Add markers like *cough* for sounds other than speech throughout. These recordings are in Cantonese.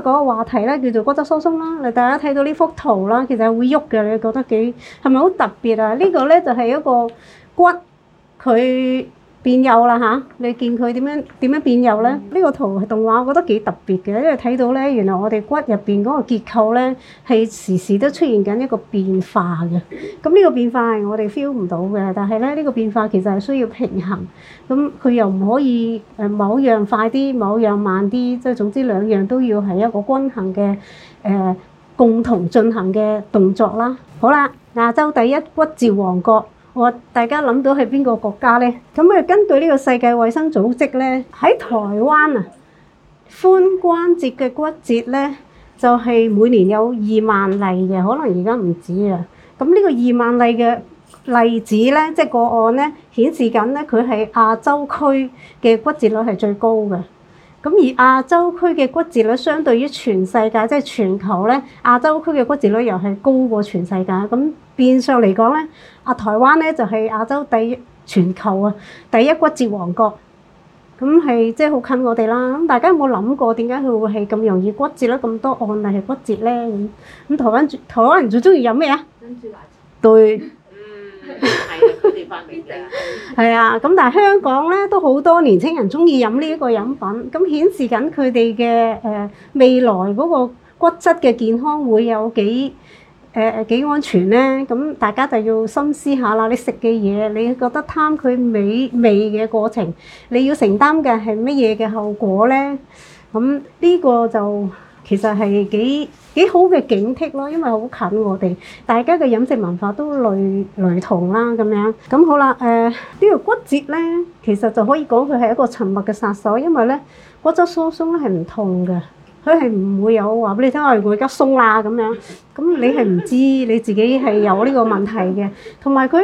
嗰個話題咧叫做骨質疏鬆啦，嚟大家睇到呢幅圖啦，其實會喐嘅，你覺得幾係咪好特別啊？這個、呢個咧就係、是、一個骨佢。變幼啦嚇！你見佢點樣點樣變幼咧？呢、嗯、個圖係動畫，我覺得幾特別嘅，因為睇到咧，原來我哋骨入邊嗰個結構咧係時時都出現緊一個變化嘅。咁呢個變化係我哋 feel 唔到嘅，但係咧呢、呢個變化其實係需要平衡。咁佢又唔可以誒某樣快啲，某樣慢啲，即係總之兩樣都要係一個均衡嘅誒、呃、共同進行嘅動作啦。好啦，亞洲第一骨照王國。我大家諗到係邊個國家呢？咁啊，根據呢個世界衛生組織呢，喺台灣啊，髖關節嘅骨折呢，就係每年有二萬例嘅，可能而家唔止啊。咁、這、呢個二萬例嘅例子呢，即係個案呢，顯示緊呢，佢係亞洲區嘅骨折率係最高嘅。咁而亞洲區嘅骨折率相對於全世界，即係全球呢，亞洲區嘅骨折率又係高過全世界。咁變相嚟講呢，啊台灣呢就係亞洲第一、全球啊第一骨折王國。咁係即係好近我哋啦。咁大家有冇諗過點解佢會係咁容易骨折咧？咁多案例骨折呢，咁台灣台灣人最中意飲咩啊？珍珠奶茶。對。係 *laughs* 啊！咁但係香港咧都好多年青人中意飲呢一個飲品，咁顯示緊佢哋嘅誒未來嗰個骨質嘅健康會有幾誒誒幾安全咧？咁大家就要深思下啦。你食嘅嘢，你覺得貪佢美味嘅過程，你要承擔嘅係乜嘢嘅後果咧？咁呢個就～其實係幾幾好嘅警惕咯，因為好近我哋，大家嘅飲食文化都類雷同啦咁樣。咁好啦，誒、呃、呢、呢個骨折咧，其實就可以講佢係一個沉默嘅殺手，因為咧骨質疏鬆咧係唔痛嘅，佢係唔會有話俾你聽，我係我而家鬆啦咁樣。咁你係唔知你自己係有呢個問題嘅，同埋佢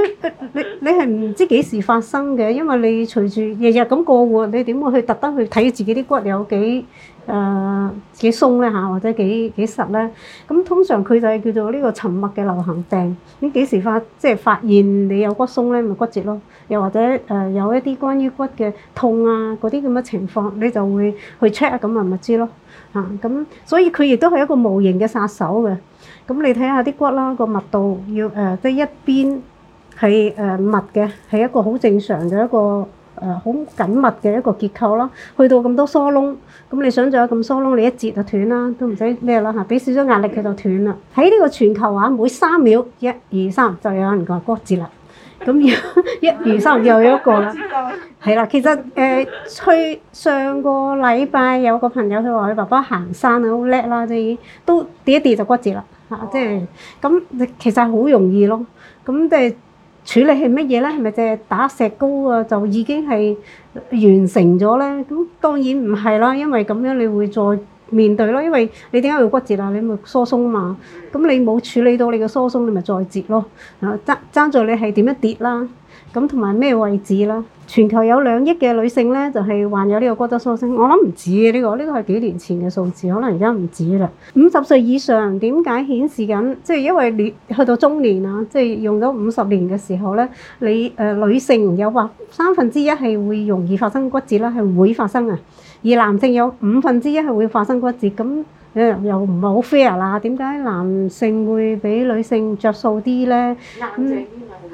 你你係唔知幾時發生嘅，因為你隨住日日咁過活，你點會去特登去睇自己啲骨有幾？誒、呃、幾鬆咧嚇，或者幾幾實咧？咁通常佢就係叫做呢個沉默嘅流行病。你幾時發即係發現你有骨鬆咧，咪骨折咯？又或者誒有一啲關於骨嘅痛啊嗰啲咁嘅情況，你就會去 check 咁啊咪知咯嚇。咁所以佢亦都係一個無形嘅殺手嘅。咁你睇下啲骨啦，個密度要誒即係一邊係誒、呃、密嘅，係一個好正常嘅一個。誒好、呃、緊密嘅一個結構啦，去到咁多疏窿，咁你想仲有咁疏窿，你一截就斷啦，都唔使咩啦嚇，俾、啊、少少壓力佢就斷啦。喺呢個全球話、啊，每三秒，一二三，就有人個骨折啦。咁一、二、三，又有一個啦。係啦， *laughs* 其實誒、呃，去上個禮拜有個朋友，佢話佢爸爸行山啊，好叻啦，就已經，都跌一跌就骨折啦嚇，即係咁，即係、其實好容易咯。咁即係。處理係乜嘢咧？係咪淨係打石膏啊？就已經係完成咗咧？咁當然唔係啦，因為咁樣你會再面對咯。因為你點解會骨折啊？你咪疏鬆啊嘛。咁你冇處理到你嘅疏鬆，你咪再折咯。啊，爭爭在你係點樣跌啦？咁同埋咩位置啦？全球有兩億嘅女性咧，就係患有呢個骨質疏鬆。我諗唔止呢個，呢個係幾年前嘅數字，可能而家唔止啦。五十歲以上點解顯示緊？即係因為你去到中年啊，即係用咗五十年嘅時候咧，你誒女性有話三分之一係會容易發生骨折啦，係會發生啊。而男性有五分之一係會發生骨折，咁誒又唔係好 fair 啦？點解男性會比女性着數啲咧？嗯，男性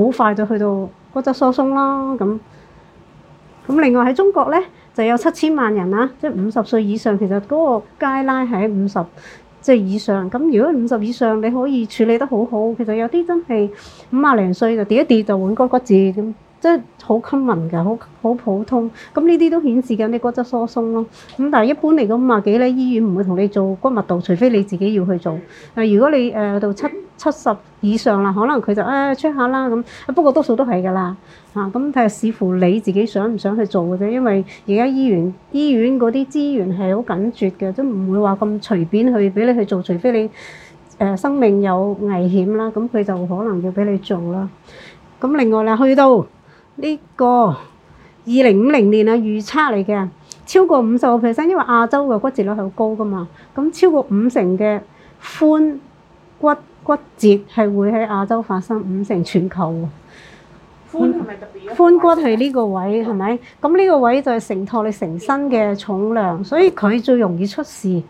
好快就去到骨質疏鬆啦。咁咁另外喺中國咧就有七千萬人啦，即係五十歲以上，其實嗰個 guideline 係五十即係以上，咁如果五十以上你可以處理得好好，其實有啲真係五啊零歲就跌一跌就換骨骨折咁。即係好襟民嘅，好好普通。咁呢啲都顯示緊你骨質疏鬆咯。咁但係一般嚟講五廿幾咧，醫院唔會同你做骨密度，除非你自己要去做。但如果你誒到七七十以上啦，可能佢就誒 check、哎、下啦咁。不過多數都係㗎啦。嚇咁睇下，視乎你自己想唔想去做嘅啫。因為而家醫院醫院嗰啲資源係好緊絀嘅，都唔會話咁隨便去俾你去做，除非你誒、呃、生命有危險啦，咁佢就可能要俾你做啦。咁另外啦，去到。呢個二零五零年啊預測嚟嘅，超過五十個 percent，因為亞洲嘅骨折率係好高㗎嘛。咁超過五成嘅髖骨骨折係會喺亞洲發生，五成全球。髖係？髖骨係呢個位係咪？咁呢個位就係承托你成身嘅重量，所以佢最容易出事。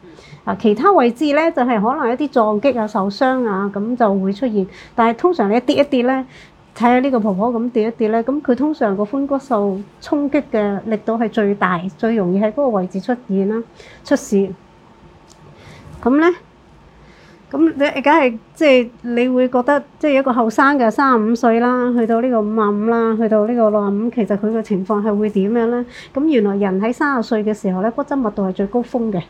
啊，其他位置咧就係、是、可能一啲撞擊啊、受傷啊咁就會出現，但係通常你一跌一跌咧。睇下呢個婆婆咁跌一跌咧，咁佢通常個髖骨受衝擊嘅力度係最大，最容易喺嗰個位置出現啦，出事。咁咧，咁你梗係即係你會覺得，即係一個後生嘅三十五歲啦，去到呢個五啊五啦，去到呢個六啊五，其實佢嘅情況係會點樣咧？咁原來人喺三十歲嘅時候咧，骨質密度係最高峰嘅。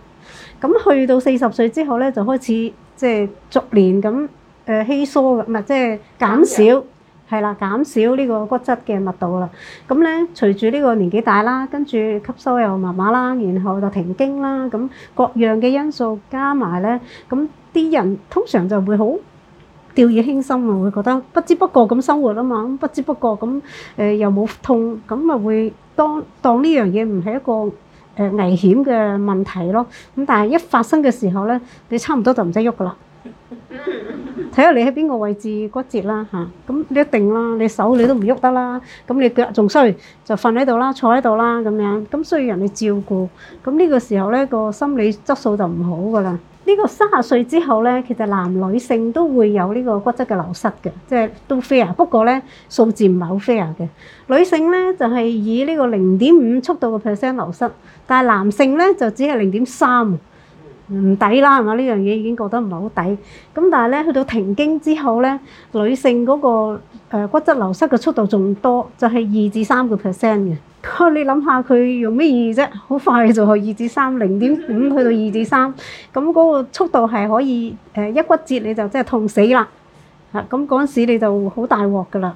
咁去到四十歲之後咧，就開始即係逐年咁誒稀疏嘅，唔係即係減少。係啦，減少呢個骨質嘅密度啦。咁咧，隨住呢個年紀大啦，跟住吸收又麻麻啦，然後就停經啦。咁各樣嘅因素加埋咧，咁啲人通常就會好掉以輕心啊，會覺得不知不覺咁生活啊嘛，咁不知不覺咁誒又冇痛，咁咪會當當呢樣嘢唔係一個誒危險嘅問題咯。咁但係一發生嘅時候咧，你差唔多就唔使喐㗎啦。睇下你喺邊個位置骨折啦吓，咁你一定啦，你手你都唔喐得啦，咁你腳仲衰，就瞓喺度啦，坐喺度啦咁樣，咁需要人哋照顧，咁呢個時候咧個心理質素就唔好噶啦。呢個三十歲之後咧，其實男女性都會有呢個骨質嘅流失嘅，即係都 fair，不過咧數字唔係好 fair 嘅。女性咧就係以呢個零點五速度嘅 percent 流失，但係男性咧就只係零點三。唔抵啦，係嘛？呢樣嘢已經覺得唔係好抵。咁但係咧，去到停經之後咧，女性嗰、嗰個、呃、骨質流失嘅速度仲多，就係二至三個 percent 嘅。你諗下佢用咩意義啫？好快就去二至三，零點五去到二至三。咁嗰、嗯嗰個速度係可以誒、呃、一骨折你就真係痛死啦。嚇、啊！咁嗰陣時你就好大鑊㗎啦。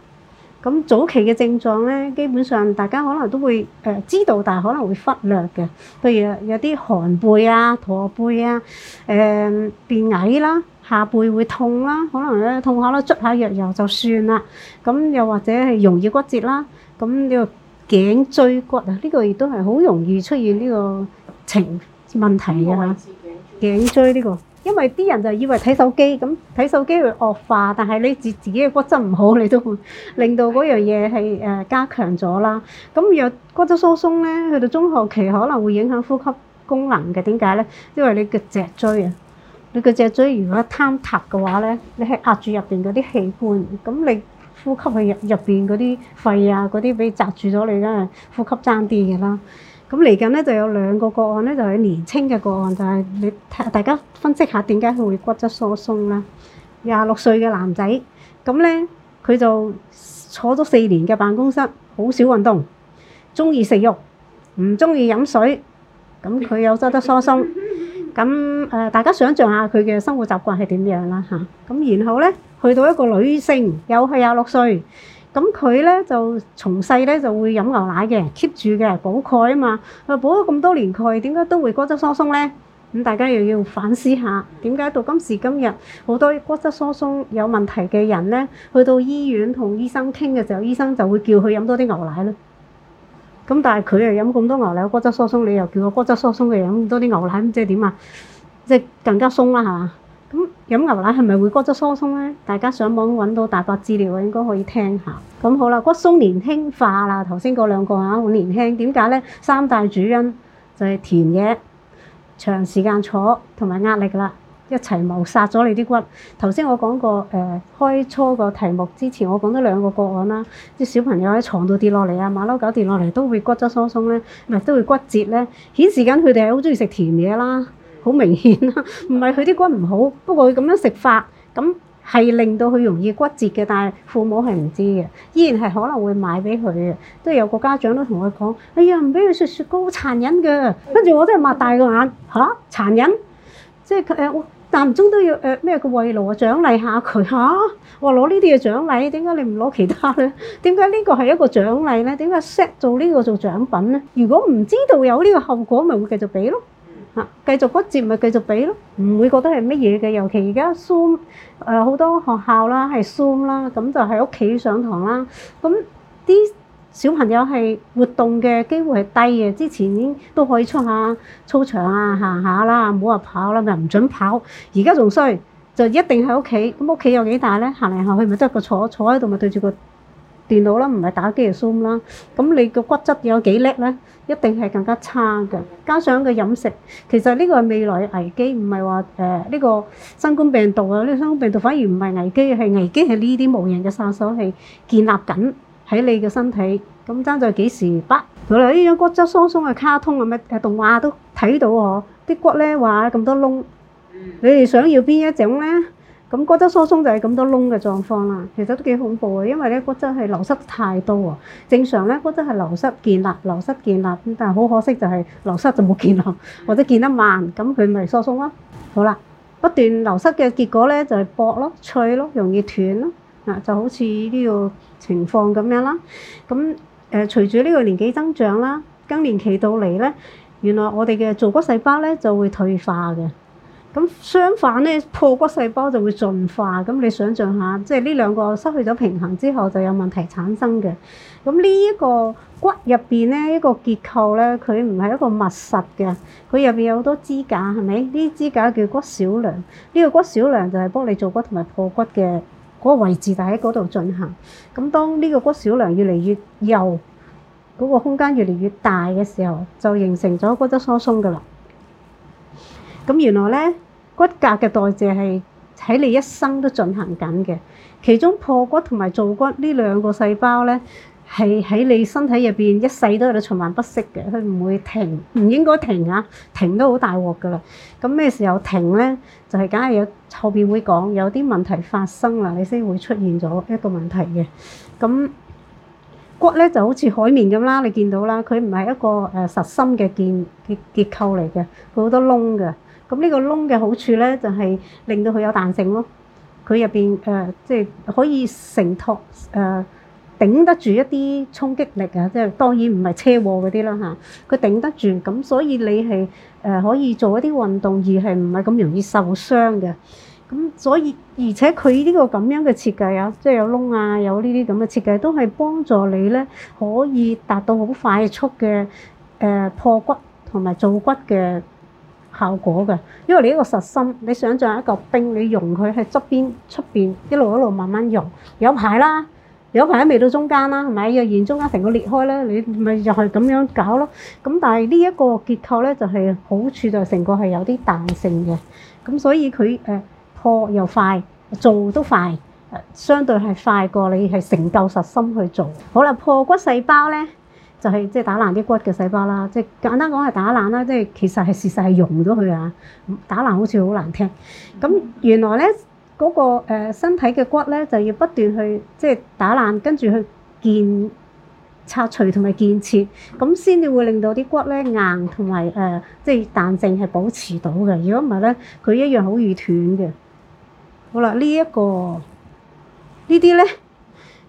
咁早期嘅症狀咧，基本上大家可能都會、呃、知道，但可能會忽略嘅。譬如有啲寒背啊、駝背啊、誒、呃、變矮啦、下背會痛啦，可能咧痛下啦，捽下藥油就算啦。咁又或者係容易骨折啦。咁呢個頸椎骨啊，呢、這個亦都係好容易出現呢個情問題嘅嚇、啊。頸椎呢、這個。因為啲人就以為睇手機咁睇手機會惡化，但係你自自己嘅骨質唔好，你都會令到嗰樣嘢係誒加強咗啦。咁若骨質疏鬆咧，去到中後期可能會影響呼吸功能嘅。點解咧？因為你嘅脊椎啊，你嘅脊椎如果坍塌嘅話咧，你係壓住入邊嗰啲器官，咁你呼吸嘅入入邊嗰啲肺啊嗰啲俾擋住咗，你梗係呼吸爭啲嘅啦。咁嚟緊咧就有兩個個案咧，就係年青嘅個案，就係你睇大家分析下點解佢會骨質疏鬆啦。廿六歲嘅男仔，咁咧佢就坐咗四年嘅辦公室，好少運動，中意食肉，唔中意飲水，咁佢有骨質疏鬆。咁誒，大家想象下佢嘅生活習慣係點樣啦嚇？咁然後咧，去到一個女性，又係廿六歲。咁佢咧就從細咧就會飲牛奶嘅，keep 住嘅補鈣啊嘛。佢補咗咁多年鈣，點解都會骨質疏鬆咧？咁大家又要反思下，點解到今時今日好多骨質疏鬆有問題嘅人咧，去到醫院同醫生傾嘅時候，醫生就會叫佢飲多啲牛奶咯。咁但係佢又飲咁多牛奶，骨質疏鬆你又叫佢骨質疏鬆嘅飲咁多啲牛奶，咁即係點啊？即係更加鬆啦，係嘛？飲牛奶係咪會骨質疏鬆咧？大家上網揾到大把資料應該可以聽下。咁好啦，骨鬆年輕化啦，頭先嗰兩個啊好年輕，點解咧？三大主因就係甜嘢、長時間坐同埋壓力啦，一齊謀殺咗你啲骨。頭先我講過誒、呃、開初個題目之前，我講咗兩個個案啦，啲小朋友喺床度跌落嚟啊，馬騮狗跌落嚟都會骨質疏鬆咧，咪都會骨折咧，顯示緊佢哋係好中意食甜嘢啦。好明顯咯，唔係佢啲骨唔好，不過佢咁樣食法，咁係令到佢容易骨折嘅。但係父母係唔知嘅，依然係可能會買俾佢嘅。都有個家長都同佢講：哎呀，唔俾佢食雪糕，好殘忍嘅。跟住我都係擘大個眼，嚇，殘忍！即係、呃、我，但唔中都要誒咩嘅慰勞、啊、獎勵下佢嚇。我話攞呢啲嘅獎勵，點解你唔攞其他咧？點解呢個係一個獎勵咧？點解 set 做呢個做獎品咧？如果唔知道有呢個後果，咪會繼續俾咯。啊！繼續嗰節咪繼續俾咯，唔會覺得係乜嘢嘅。尤其而家 Zoom、呃，誒好多學校啦，係 Zoom 啦，咁就喺屋企上堂啦。咁啲小朋友係活動嘅機會係低嘅。之前都可以出下操場啊，行下啦，冇話跑啦，咪唔准跑。而家仲衰，就一定喺屋企。咁屋企有幾大咧？行嚟行去咪得一個坐，坐喺度咪對住個。電腦啦，唔係打機就疏啦，咁你個骨質有幾叻呢？一定係更加差嘅。加上個飲食，其實呢個係未來嘅危機，唔係話誒呢個新冠病毒啊，呢個新冠病毒反而唔係危機，係危機係呢啲無形嘅殺手係建立緊喺你嘅身體。咁爭在幾時不？原來呢種骨質疏鬆嘅卡通啊、咩嘅動畫都睇到呵，啲骨呢話咁多窿。嗯。你哋想要邊一種呢？咁骨質疏鬆就係咁多窿嘅狀況啦，其實都幾恐怖啊，因為咧骨質係流失太多喎。正常咧骨質係流失建立、流失建立，但係好可惜就係流失就冇建立，或者建立慢，咁佢咪疏鬆啦。好啦，不斷流失嘅結果咧就係薄咯、脆咯、容易斷咯，嗱就好似呢個情況咁樣啦。咁誒隨住呢個年紀增長啦，更年期到嚟咧，原來我哋嘅造骨細胞咧就會退化嘅。咁相反咧，破骨細胞就會進化。咁你想象下，即係呢兩個失去咗平衡之後，就有問題產生嘅。咁呢一個骨入邊咧，一個結構咧，佢唔係一個密實嘅，佢入邊有好多支架，係咪？呢啲支架叫骨小梁。呢個骨小梁就係幫你做骨同埋破骨嘅嗰個位置，就喺嗰度進行。咁當呢個骨小梁越嚟越幼，嗰個空間越嚟越大嘅時候，就形成咗骨質疏鬆㗎喇。咁原來咧～骨骼嘅代謝係喺你一生都進行緊嘅，其中破骨同埋造骨呢兩個細胞咧，係喺你身體入邊一世都喺度循環不息嘅，佢唔會停，唔應該停啊，停都好大鑊噶啦。咁咩時候停咧？就係梗係有後邊會講，有啲問題發生啦，你先會出現咗一個問題嘅。咁骨咧就好似海綿咁啦，你見到啦，佢唔係一個誒實心嘅結結結構嚟嘅，佢好多窿嘅。咁呢個窿嘅好處咧，就係、是、令到佢有彈性咯。佢入邊誒，即、呃、係、就是、可以承托誒、呃，頂得住一啲衝擊力啊！即係當然唔係車禍嗰啲啦嚇，佢頂得住。咁所以你係誒、呃、可以做一啲運動，而係唔係咁容易受傷嘅。咁所以而且佢呢個咁樣嘅設計啊，即係有窿、就是、啊，有呢啲咁嘅設計，都係幫助你咧可以達到好快速嘅誒、呃、破骨同埋做骨嘅效果嘅，因為你一個實心，你想象一嚿冰，你溶佢喺側邊出邊一路一路慢慢溶，有排啦，有排未到中間啦，係咪又沿中間成個裂開啦，你咪又係咁樣搞咯。咁但係呢一個結構咧，就係好處就成個係有啲彈性嘅，咁所以佢誒、呃、破又快，做都快，相對係快過你係成嚿實心去做。好啦，破骨細胞咧。就係即係打爛啲骨嘅細胞啦，即係簡單講係打爛啦，即係其實係事實係溶咗佢啊！打爛，好似好難聽，咁原來咧，嗰個身體嘅骨咧就要不斷去即係打爛，跟住去建拆除同埋建設，咁先至會令到啲骨咧硬同埋誒即係彈性係保持到嘅。如果唔係咧，佢一樣好易斷嘅。好啦，呢一個呢啲咧。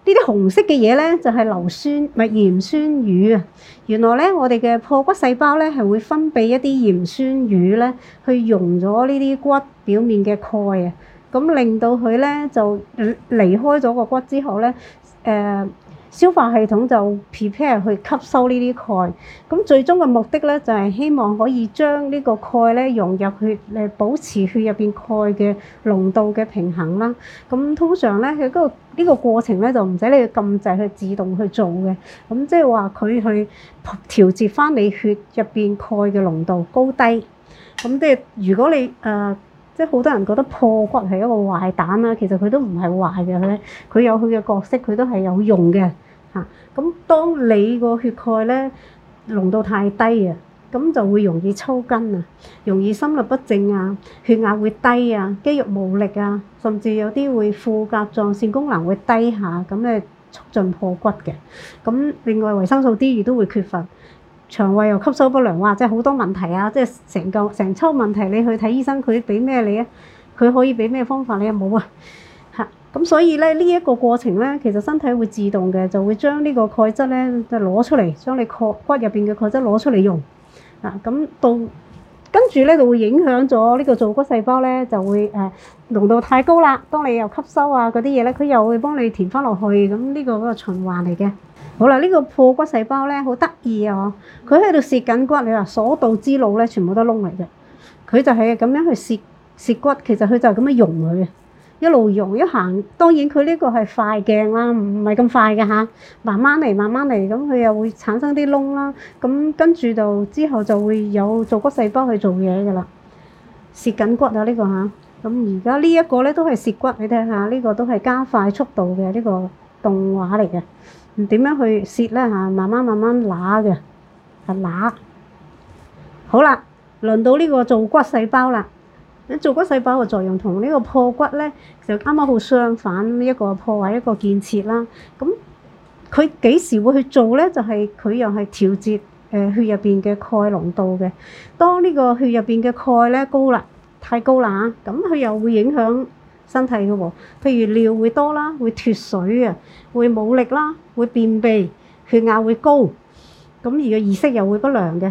呢啲紅色嘅嘢咧就係、是、硫酸唔係鹽酸乳。啊！原來咧我哋嘅破骨細胞咧係會分泌一啲鹽酸乳咧，去溶咗呢啲骨表面嘅鈣啊，咁令到佢咧就離開咗個骨之後咧，誒、呃。消化系統就 prepare 去吸收呢啲鈣，咁最終嘅目的咧就係希望可以將呢個鈣呢融入血，嚟保持血入面鈣嘅濃度嘅平衡啦。咁通常呢，佢嗰個呢個過程呢，就唔使你去禁制，去自動去做嘅。咁即係話佢去調節返你血入面鈣嘅濃度高低。咁即係如果你誒、呃，即係好多人覺得破骨係一個壞蛋啦，其實佢都唔係壞嘅咧，佢有佢嘅角色，佢都係有用嘅。咁當你個血鈣咧濃度太低啊，咁就會容易抽筋啊，容易心律不正啊，血壓會低啊，肌肉無力啊，甚至有啲會副甲狀腺功能會低下，咁咧促進破骨嘅。咁另外維生素 D 亦都會缺乏，腸胃又吸收不良，哇！即係好多問題啊！即係成個成抽問題，你去睇醫生佢俾咩你啊？佢可以俾咩方法你又冇啊？咁所以咧呢一個過程咧，其實身體會自動嘅，就會將呢個鈣質咧就攞出嚟，將你骨入邊嘅鈣質攞出嚟用。嗱，咁到跟住咧就會影響咗呢個造骨細胞咧，就會誒濃度太高啦。當你又吸收啊嗰啲嘢咧，佢又會幫你填翻落去。咁呢個係個循環嚟嘅。好啦，呢個破骨細胞咧好得意啊！嗬，佢喺度蝕緊骨，你話所到之路咧全部都窿嚟嘅。佢就係咁樣去蝕蝕骨，其實佢就係咁樣溶佢。一路用一行，當然佢呢個係快鏡啦，唔唔係咁快嘅嚇，慢慢嚟，慢慢嚟，咁佢又會產生啲窿啦。咁跟住就之後就會有造骨細胞去做嘢嘅啦，蝕緊骨啊、這個、呢個嚇。咁而家呢一個咧都係蝕骨，你睇下呢個都係加快速度嘅呢、這個動畫嚟嘅。點樣去蝕咧嚇？慢慢慢慢揦嘅，啊揦。好啦，輪到呢個造骨細胞啦。你做骨細胞嘅作用同呢個破骨咧，就啱啱好相反，一個破壞一個建設啦。咁佢幾時會去做咧？就係、是、佢又係調節誒血入邊嘅鈣濃度嘅。當呢個血入邊嘅鈣咧高啦，太高啦嚇，咁佢又會影響身體嘅喎、哦。譬如尿會多啦，會脫水呀，會冇力啦，會便秘，血壓會高，咁而個意識又會不良嘅。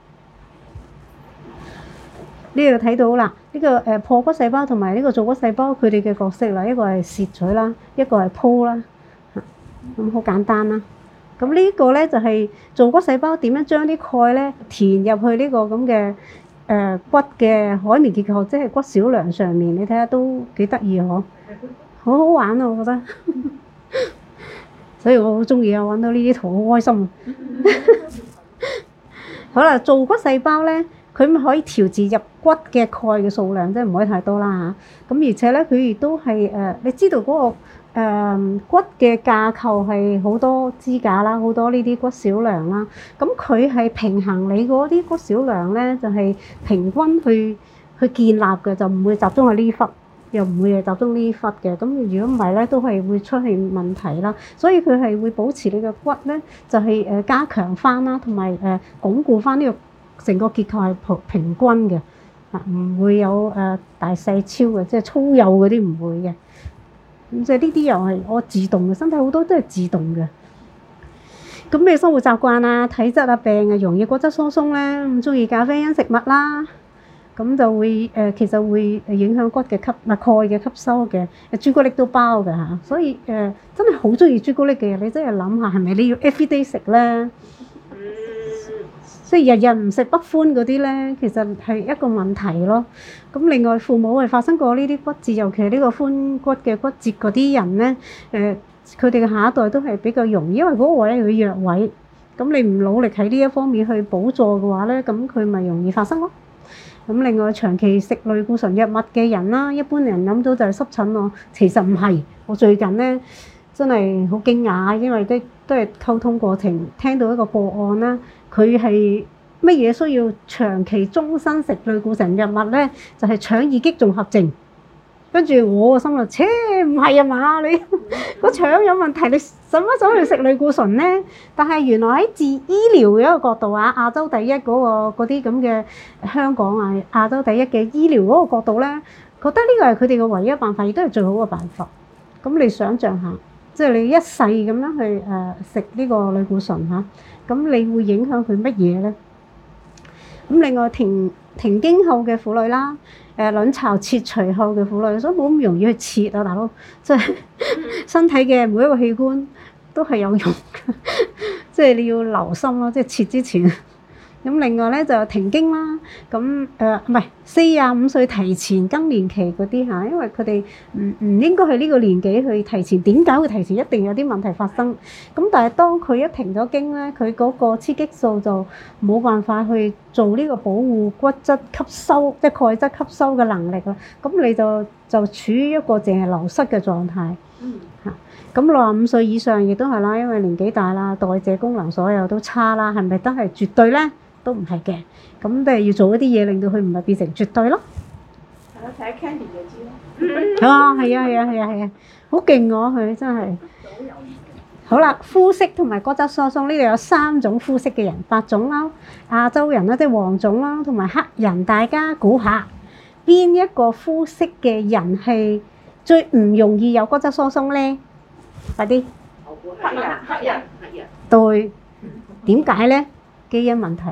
呢度睇到啦？呢個誒破骨細胞同埋呢個造骨細胞佢哋嘅角色啦，一個係攝取啦，一個係鋪啦，嚇咁好簡單啦。咁呢個咧就係造骨細胞點樣將啲鈣咧填入去呢個咁嘅誒骨嘅海綿結構，即係骨小梁上面。你睇下都幾得意嗬，好好玩啊！我覺得，所以我好鍾意啊！我揾到呢啲圖好開心。好啦，造骨細胞咧。佢咪可以調節入骨嘅鈣嘅數量，即係唔可以太多啦嚇。咁而且咧，佢亦都係誒，你知道嗰個誒骨嘅架構係好多支架啦，好多呢啲骨小梁啦。咁佢係平衡你嗰啲骨小梁咧，就係平均去去建立嘅，就唔會集中喺呢忽，又唔會誒集中呢忽嘅。咁如果唔係咧，都係會出現問題啦。所以佢係會保持你嘅骨咧，就係誒加強翻啦，同埋誒鞏固翻呢個。成個結構係平均嘅，啊唔會有誒大細超嘅，即係粗幼嗰啲唔會嘅。咁即係呢啲又係我自動嘅，身體好多都係自動嘅。咁咩生活習慣啊、體質啊、病啊、容易骨質疏鬆咧，中意咖啡因食物啦，咁就會誒、呃、其實會影響骨嘅吸，唔係鈣嘅吸收嘅。朱古力都包㗎吓，所以誒、呃、真係好中意朱古力嘅，你真係諗下係咪你要 every day 食咧？即係日日唔食不歡嗰啲咧，其實係一個問題咯。咁另外，父母係發生過呢啲骨折，尤其係呢個髖骨嘅骨折嗰啲人咧，誒佢哋嘅下一代都係比較容易，因為嗰個位係佢弱位。咁你唔努力喺呢一方面去補助嘅話咧，咁佢咪容易發生咯。咁另外，長期食類固醇藥物嘅人啦，一般人諗到就係濕疹咯。其實唔係，我最近咧真係好驚訝，因為都都係溝通過程聽到一個個案啦。佢係乜嘢需要長期終身食類固醇藥物呢？就係、是、腸易激綜合症。跟住我個心話，切唔係啊嘛，你個腸有問題，你使乜走去食類固醇呢？但係原來喺治醫療嘅一個角度啊，亞洲第一嗰、那個嗰啲咁嘅香港啊，亞洲第一嘅醫療嗰個角度呢，覺得呢個係佢哋嘅唯一辦法，亦都係最好嘅辦法。咁你想象下，即、就、係、是、你一世咁樣去誒食呢個類固醇嚇。咁你會影響佢乜嘢咧？咁另外停停經後嘅婦女啦，誒卵巢切除後嘅婦女，所以冇咁容易去切啊，大佬，即係身體嘅每一個器官都係有用嘅，即 *laughs* 係你要留心咯，即係切之前。咁另外咧就停經啦，咁誒唔係四十五歲提前更年期嗰啲嚇，因為佢哋唔唔應該喺呢個年紀去提前，點解會提前？一定有啲問題發生。咁但係當佢一停咗經咧，佢嗰個雌激素就冇辦法去做呢個保護骨質吸收，即係鈣質吸收嘅能力啦。咁你就就處於一個淨係流失嘅狀態。嗯。嚇，咁六十五歲以上亦都係啦，因為年紀大啦，代謝功能所有都差啦，係咪都係絕對咧？都唔係嘅，咁都係要做一啲嘢，令到佢唔係變成絕對咯。睇下 Candy 就知啦。嗯。係啊，係啊，係啊，係啊，好勁！我佢真係。好啦，膚色同埋骨質疏鬆呢度有三種膚色嘅人，白種啦、亞洲人啦、即係黃種啦，同埋黑人。大家估下邊一個膚色嘅人係最唔容易有骨質疏鬆咧？快啲。黑人，黑人，黑人。對，點解咧？基因問題。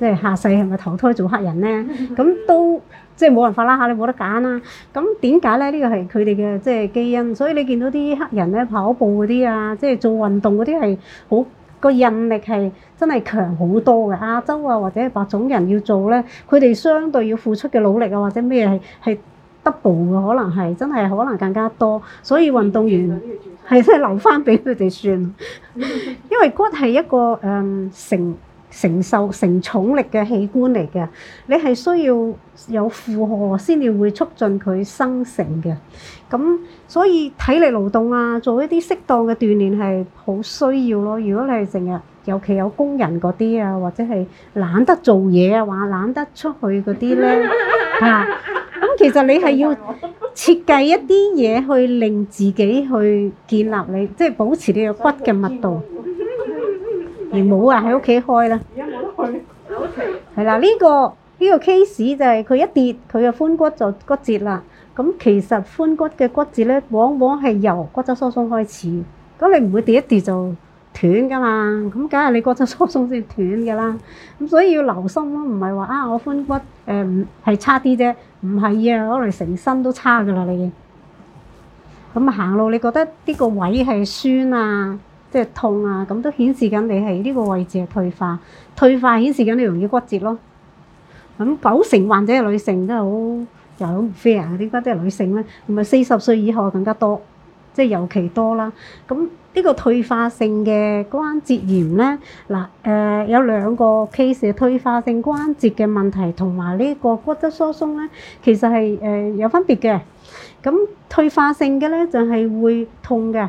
即係下世係咪投胎做黑人咧？咁都即係冇辦法啦，吓，你冇得揀啦。咁點解咧？呢個係佢哋嘅即係基因，所以你見到啲黑人咧，跑步嗰啲啊，即係做運動嗰啲係好，個韌力係真係強好多嘅。亞洲啊或者白種人要做咧，佢哋相對要付出嘅努力啊或者咩係係 double 嘅，可能係真係可能更加多。所以運動員係真係留翻俾佢哋算，因為骨係一個誒成承受承重力嘅器官嚟嘅，你係需要有負荷先至會促進佢生成嘅。咁所以體力勞動啊，做一啲適當嘅鍛煉係好需要咯。如果你係成日，尤其有工人嗰啲啊，或者係懶得做嘢啊，話懶得出去嗰啲咧，嚇，咁其實你係要設計一啲嘢去令自己去建立你，即係保持你嘅骨嘅密度。而冇人喺屋企開啦。而家冇得去，係啦，呢個呢個 case 就係佢一跌，佢嘅髖骨就骨折啦。咁其實髖骨嘅骨折咧，往往係由骨質疏鬆開始。咁你唔會跌一跌就斷㗎嘛？咁梗係你骨質疏鬆先斷㗎啦。咁所以要留心咯，唔係話啊我髖骨誒唔係差啲啫，唔係啊，可能成身都差㗎啦你。咁啊行路，你覺得呢個位係酸啊？即係痛啊，咁都顯示緊你喺呢個位置係退化，退化顯示緊你容易骨折咯。咁九成患者係女性，都係好又係唔 fair 嗰啲骨，即係女性咧，唔係四十歲以後更加多，即係尤其多啦。咁呢個退化性嘅關節炎咧，嗱誒有兩個 case，退化性關節嘅問題同埋呢個骨質疏鬆咧，其實係誒有分別嘅。咁退化性嘅咧就係會痛嘅。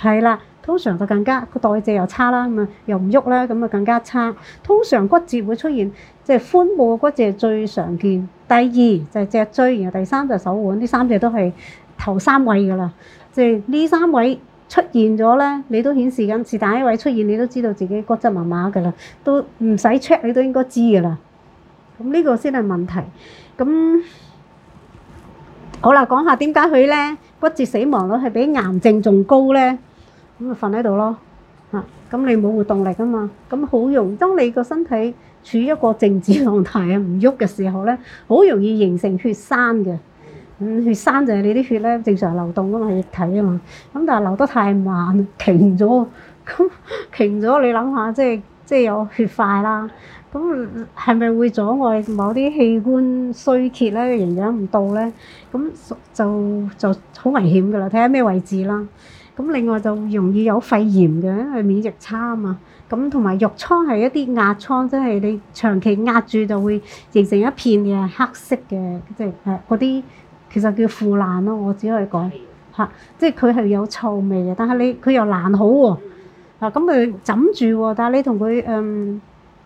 係啦，通常就更加個代謝又差啦，咁啊又唔喐啦，咁啊更加差。通常骨折會出現，即係髖部嘅骨折係最常見。第二就係脊椎，然後第三就手腕，呢三隻都係頭三位噶啦。即係呢三位出現咗咧，你都顯示緊是但一位出現，你都知道自己骨質麻麻噶啦，都唔使 check 你都應該知噶啦。咁呢個先係問題。咁好啦，講下點解佢咧？骨折死亡率係比癌症仲高咧，咁咪瞓喺度咯嚇。咁你冇活動力啊嘛，咁好容易。當你個身體處於一個靜止狀態啊，唔喐嘅時候咧，好容易形成血栓嘅。咁血栓就係你啲血咧，正常流動啊嘛，液體啊嘛，咁但係流得太慢停咗，咁停咗你諗下，即係即係有血塊啦。咁係咪會阻礙某啲器官衰竭咧、營養唔到咧？咁就就好危險噶啦，睇下咩位置啦。咁另外就容易有肺炎嘅，因為免疫差啊嘛。咁同埋肉瘡係一啲壓瘡，即係你長期壓住就會形成一片嘅黑色嘅，即係誒嗰啲其實叫腐爛咯。我只可以講嚇，啊，即係佢係有臭味嘅，但係你佢又爛好喎，啊。咁佢枕住喎，啊，但係你同佢誒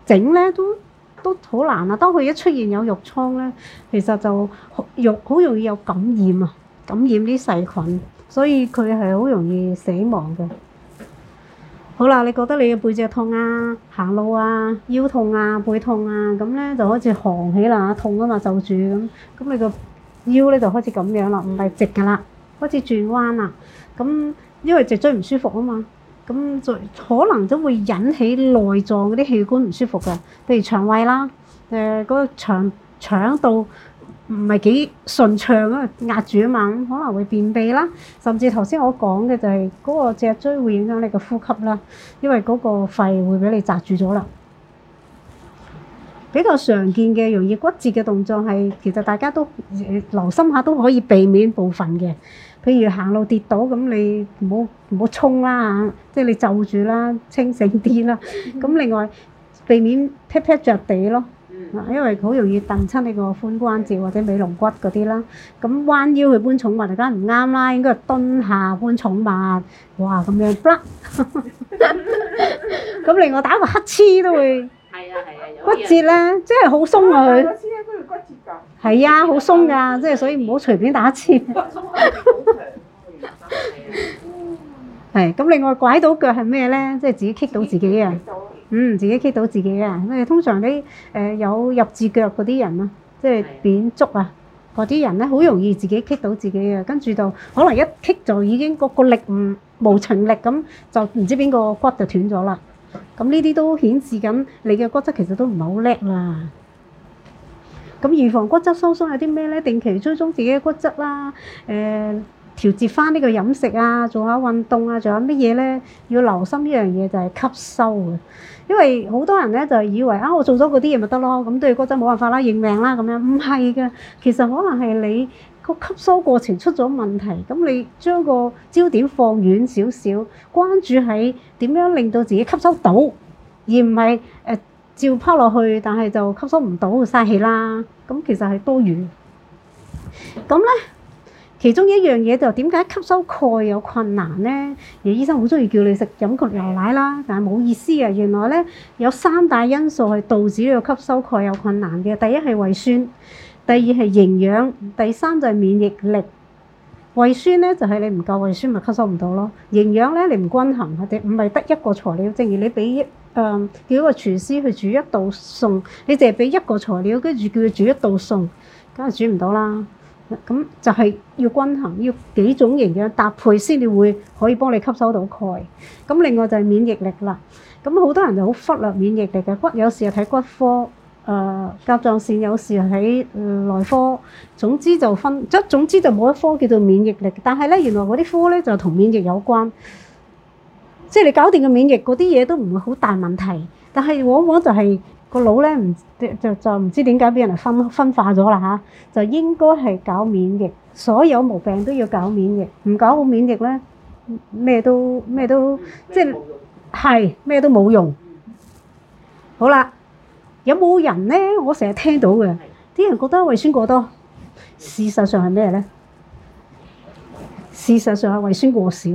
整咧都。都好難啊！當佢一出現有肉瘡咧，其實就肉好容易有感染啊，感染啲細菌，所以佢係好容易死亡嘅。好啦，你覺得你嘅背脊痛啊、行路啊、腰痛啊、背痛啊，咁咧就開始寒起啦，痛啊嘛就住咁，咁你個腰咧就開始咁樣啦，唔係直㗎啦，開始轉彎啦，咁因為脊椎唔舒服啊嘛。咁就可能都會引起內臟嗰啲器官唔舒服嘅，譬如腸胃啦，誒嗰個腸腸道唔係幾順暢啊，壓住啊嘛，可能會便秘啦，甚至頭先我講嘅就係嗰個脊椎會影響你嘅呼吸啦，因為嗰個肺會俾你擋住咗啦。比較常見嘅容易骨折嘅動作係，其實大家都留心下都可以避免部分嘅。譬如行路跌倒咁，你唔好唔好衝啦嚇，即係你就住啦，清醒啲啦。咁另外避免劈劈著地咯，嗱，因為好容易蹬親你個髖關節或者尾龍骨嗰啲啦。咁彎腰去搬重物就梗係唔啱啦，應該蹲下搬重物。哇，咁樣，咁另外打個乞嗤都會。骨折咧，即係好鬆啊！佢，嗰次咧都要骨折噶。係啊，好鬆噶，即係所以唔好隨便打針。好長，好長。係咁，另外拐到腳係咩咧？即係自己 kick 到自己啊！嗯，自己 kick 到自己啊！因為通常啲誒有入字腳嗰啲人啊，即係扁足啊，嗰啲人咧好容易自己 kick 到自己嘅，跟住就可能一 kick 就已經個個力唔無情力咁，就唔知邊個骨就斷咗啦。咁呢啲都顯示緊你嘅骨質其實都唔係好叻啦。咁預防骨質疏鬆有啲咩咧？定期追蹤自己嘅骨質啦、啊，誒調節翻呢個飲食啊，做下運動啊，仲有乜嘢咧？要留心呢樣嘢就係吸收啊。因為好多人咧就係以為啊，我做咗嗰啲嘢咪得咯，咁對骨質冇辦法啦，認命啦咁樣。唔係嘅，其實可能係你。個吸收過程出咗問題，咁你將個焦點放遠少少，關注喺點樣令到自己吸收到，而唔係誒照拋落去，但係就吸收唔到嘥氣啦。咁其實係多餘。咁咧，其中一樣嘢就點、是、解吸收鈣有困難咧？而醫生好中意叫你食飲個牛奶啦，但係冇意思呀。原來咧有三大因素係導致你個吸收鈣有困難嘅。第一係胃酸。第二係營養，第三就係免疫力。胃酸咧就係、是、你唔夠胃酸咪吸收唔到咯。營養咧，你唔均衡嗰啲，唔係得一個材料。正如你俾誒、呃、叫一個廚師去煮一道餸，你淨係畀一個材料，跟住叫佢煮一道餸，梗係煮唔到啦。咁就係要均衡，要幾種營養搭配先，你會可以幫你吸收到鈣。咁另外就係免疫力啦。咁好多人就好忽略免疫力嘅骨，有時又睇骨科。呃、甲狀腺有時喺、呃、內科，總之就分，即總之就冇一科叫做免疫力。但係呢，原來嗰啲科咧就同免疫有關，即係你搞掂個免疫，嗰啲嘢都唔會好大問題。但係往往就係、是、個腦呢，不就就唔知點解俾人分分化咗啦、啊、就應該係搞免疫，所有毛病都要搞免疫，唔搞好免疫呢，咩都咩都即係咩都冇用，用。好啦。有冇人咧？我成日聽到嘅，啲人覺得胃酸過多，事實上係咩咧？事實上係胃酸過少。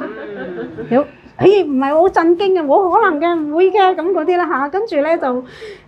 *laughs* 有，哎、欸，唔係我好震驚嘅，冇可能嘅，唔會嘅咁嗰啲啦嚇。跟住咧就。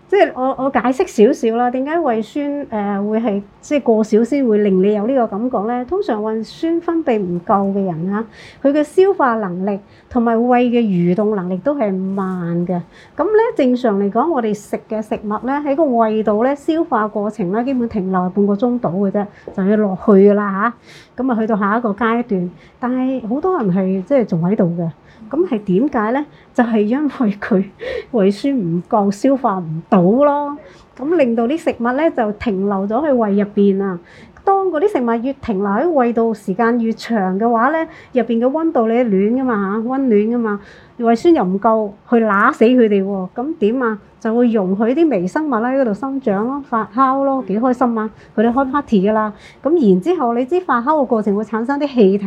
即係我我解釋少少啦，點解胃酸誒、呃、會係即係過少先會令你有呢個感覺咧？通常胃酸分泌唔夠嘅人啊，佢嘅消化能力同埋胃嘅蠕動能力都係慢嘅。咁咧正常嚟講，我哋食嘅食物咧喺個胃度咧消化過程咧，基本停留半個鐘到嘅啫，就要落去㗎啦嚇。咁啊去到下一個階段，但係好多人係即係仲喺度嘅。咁係點解咧？就係因為佢胃酸唔夠，消化唔到咯。咁令到啲食物咧就停留咗喺胃入邊啊。當嗰啲食物越停留喺胃度時間越長嘅話咧，入邊嘅溫度你係暖噶嘛嚇，溫暖噶嘛。胃酸又唔夠去乸死佢哋喎。咁點啊？就會容許啲微生物咧喺度生長咯、發酵咯，幾開心啊！佢哋開 party 噶啦。咁然之後，你知發酵嘅過程會產生啲氣體，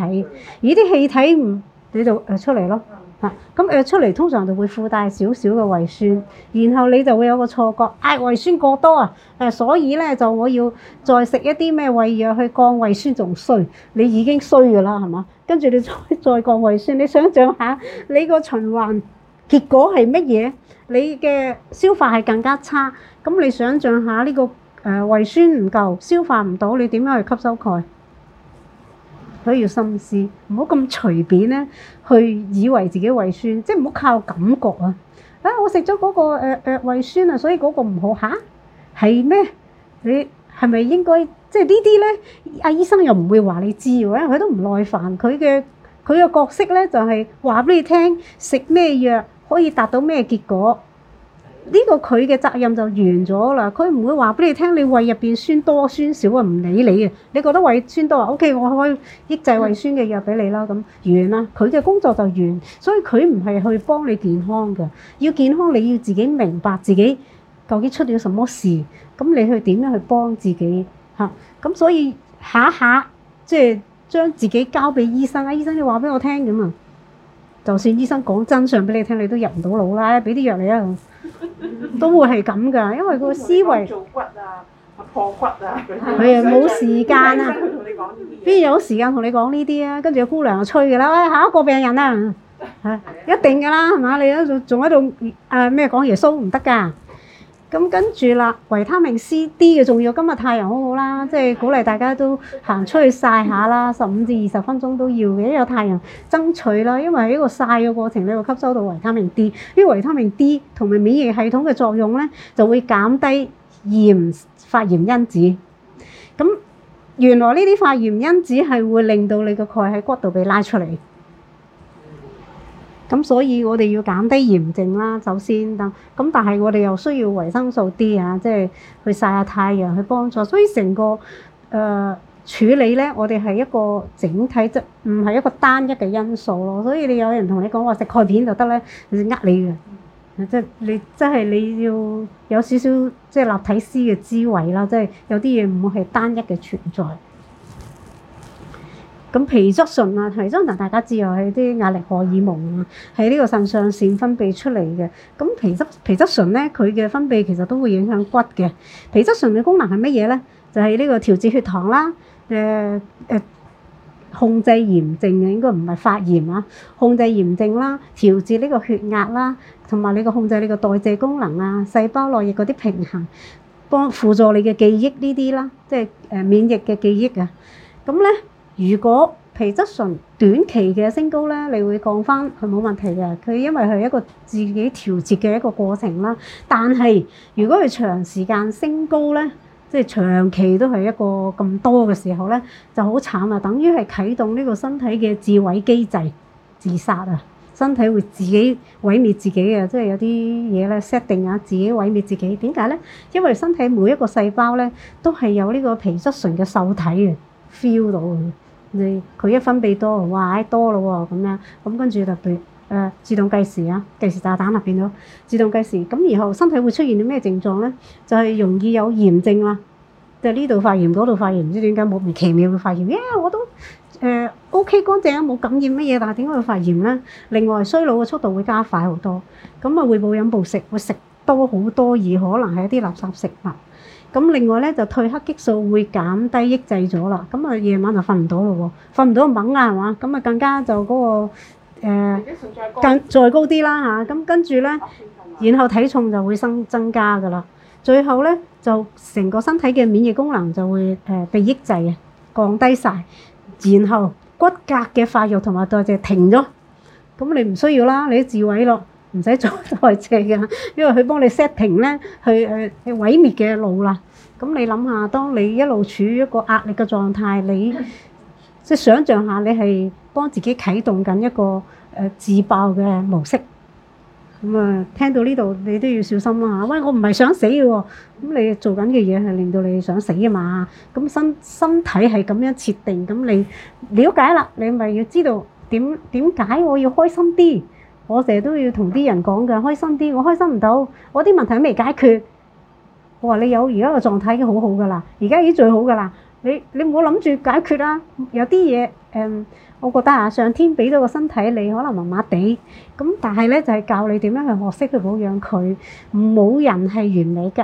而啲氣體唔你就、呃、出嚟咯，咁、誒、啊呃、出嚟通常就會附帶少少嘅胃酸，然後你就會有個錯覺，啊、哎、胃酸過多啊，呃、所以呢，就我要再食一啲咩胃藥去降胃酸，仲衰，你已經衰㗎啦，係嘛？跟住你再再降胃酸，你想象下你個循環結果係乜嘢？你嘅消化係更加差，咁你想像下呢、這個、呃、胃酸唔夠，消化唔到，你點樣去吸收鈣？所以要心思，唔好咁隨便咧，去以為自己胃酸，即係唔好靠感覺啊！啊，我食咗嗰個誒誒、呃呃、胃酸啊，所以嗰個唔好吓，係咩？你係咪應該即係呢啲咧？阿、啊、醫生又唔會話你知嘅，因為佢都唔耐煩，佢嘅佢嘅角色咧就係話俾你聽，食咩藥可以達到咩結果。呢個佢嘅責任就完咗啦。佢唔會話俾你聽，你胃入邊酸多酸少啊，唔理你嘅。你覺得胃酸多，OK，我可以抑制胃酸嘅藥畀你啦。咁完啦，佢嘅工作就完，所以佢唔係去幫你健康嘅。要健康，你要自己明白自己究竟出咗什麼事，咁你去點樣去幫自己嚇咁？啊、所以下下即係將自己交畀醫生，啊、醫生要話畀我聽嘅嘛。就算醫生講真相畀你聽，你都入唔到腦啦。畀啲藥你啊！都會係咁噶，因為個思維做骨啊、破骨啊嗰啲，係啊，冇時間啊，邊有時間同你講呢啲啊？跟住個姑娘就催噶啦，喂、哎，下一個病人啊，吓、啊啊、一定噶啦，係嘛？你咧仲仲喺度啊咩講耶穌唔得噶。咁跟住啦，維他命 C、D 嘅重要。今日太陽好好啦，即係鼓勵大家都行出去晒下啦，十五至二十分鐘都要嘅，因為有太陽爭取啦。因為喺呢個晒嘅過程，你會吸收到維他命 D。呢維他命 D 同埋免疫系統嘅作用咧，就會減低炎發炎因子。咁原來呢啲發炎因子係會令到你個鈣喺骨度被拉出嚟。咁所以我哋要減低炎症啦，首先咁。但係我哋又需要維生素 D 啊，即係去晒下太陽去幫助。所以成個誒處理咧，我哋係一個整體，唔係一個單一嘅因素咯。所以你有人同你講話食鈣片就得咧，係呃你嘅。即係你，即係你要有少少即係立體思嘅思維啦，即係有啲嘢唔會係單一嘅存在。咁皮質醇啊，皮質醇大家知啊，係啲壓力荷爾蒙啊，係呢個腎上腺分泌出嚟嘅。咁皮質皮質醇咧，佢嘅分泌其實都會影響骨嘅。皮質醇嘅功能係乜嘢咧？就係呢個調節血糖啦，誒誒控制炎症嘅，應該唔係發炎啊，控制炎症啦，調節呢個血壓啦，同埋你個控制你個代謝功能啊，細胞內液嗰啲平衡，幫輔助你嘅記憶呢啲啦，即係誒免疫嘅記憶啊。咁咧。如果皮質醇短期嘅升高咧，你會降翻佢冇問題嘅。佢因為係一個自己調節嘅一個過程啦。但係如果佢長時間升高咧，即係長期都係一個咁多嘅時候咧，就好慘啊！等於係啟動呢個身體嘅自毀機制，自殺啊！身體會自己毀滅自己嘅，即係有啲嘢咧 set 定啊，自己毀滅自己。點解咧？因為身體每一個細胞咧都係有呢個皮質醇嘅受體嘅 feel 到佢。你佢一分泌多，哇！多咯喎、哦，咁樣咁跟住特別誒、呃、自動計時啊，計時炸彈啊變咗自動計時。咁然後身體會出現啲咩症狀咧？就係、是、容易有炎症啦，就呢度發炎，嗰度發炎，唔知點解莫名其妙會發炎。呀，yeah, 我都誒 O K 乾淨啊，冇感染乜嘢，但係點解會發炎咧？另外衰老嘅速度會加快好多，咁啊會暴飲暴食，會食多好多而可能係一啲垃圾食物。咁另外咧就褪黑激素會減低抑制咗啦，咁啊夜晚就瞓唔到咯喎，瞓唔到就懵啦係嘛，咁啊更加就嗰個誒更再高啲啦嚇，咁跟住咧，然後體重就會增增加噶啦，最後咧就成個身體嘅免疫功能就會誒被抑制呀，降低曬，然後骨骼嘅發育同埋代謝停咗，咁你唔需要啦，你自毀咯。唔使再再借㗎，因為佢幫你 setting 咧，去去去毀滅嘅路啦。咁你諗下，當你一路處於一個壓力嘅狀態，你即係想像下，你係幫自己啟動緊一個誒自爆嘅模式。咁啊，聽到呢度你都要小心啦嚇！喂，我唔係想死嘅喎。咁你做緊嘅嘢係令到你想死啊嘛。咁身身體係咁樣設定，咁你了解啦，你咪要知道點點解我要開心啲。我成日都要同啲人講噶，開心啲。我開心唔到，我啲問題未解決。我話你有而家個狀態已經好好噶啦，而家已經最好噶啦。你你唔好諗住解決啦、啊。有啲嘢誒，我覺得啊，上天畀咗個身體你可能麻麻地，咁但係咧就係、是、教你點樣去學識去保養佢。冇人係完美嘅。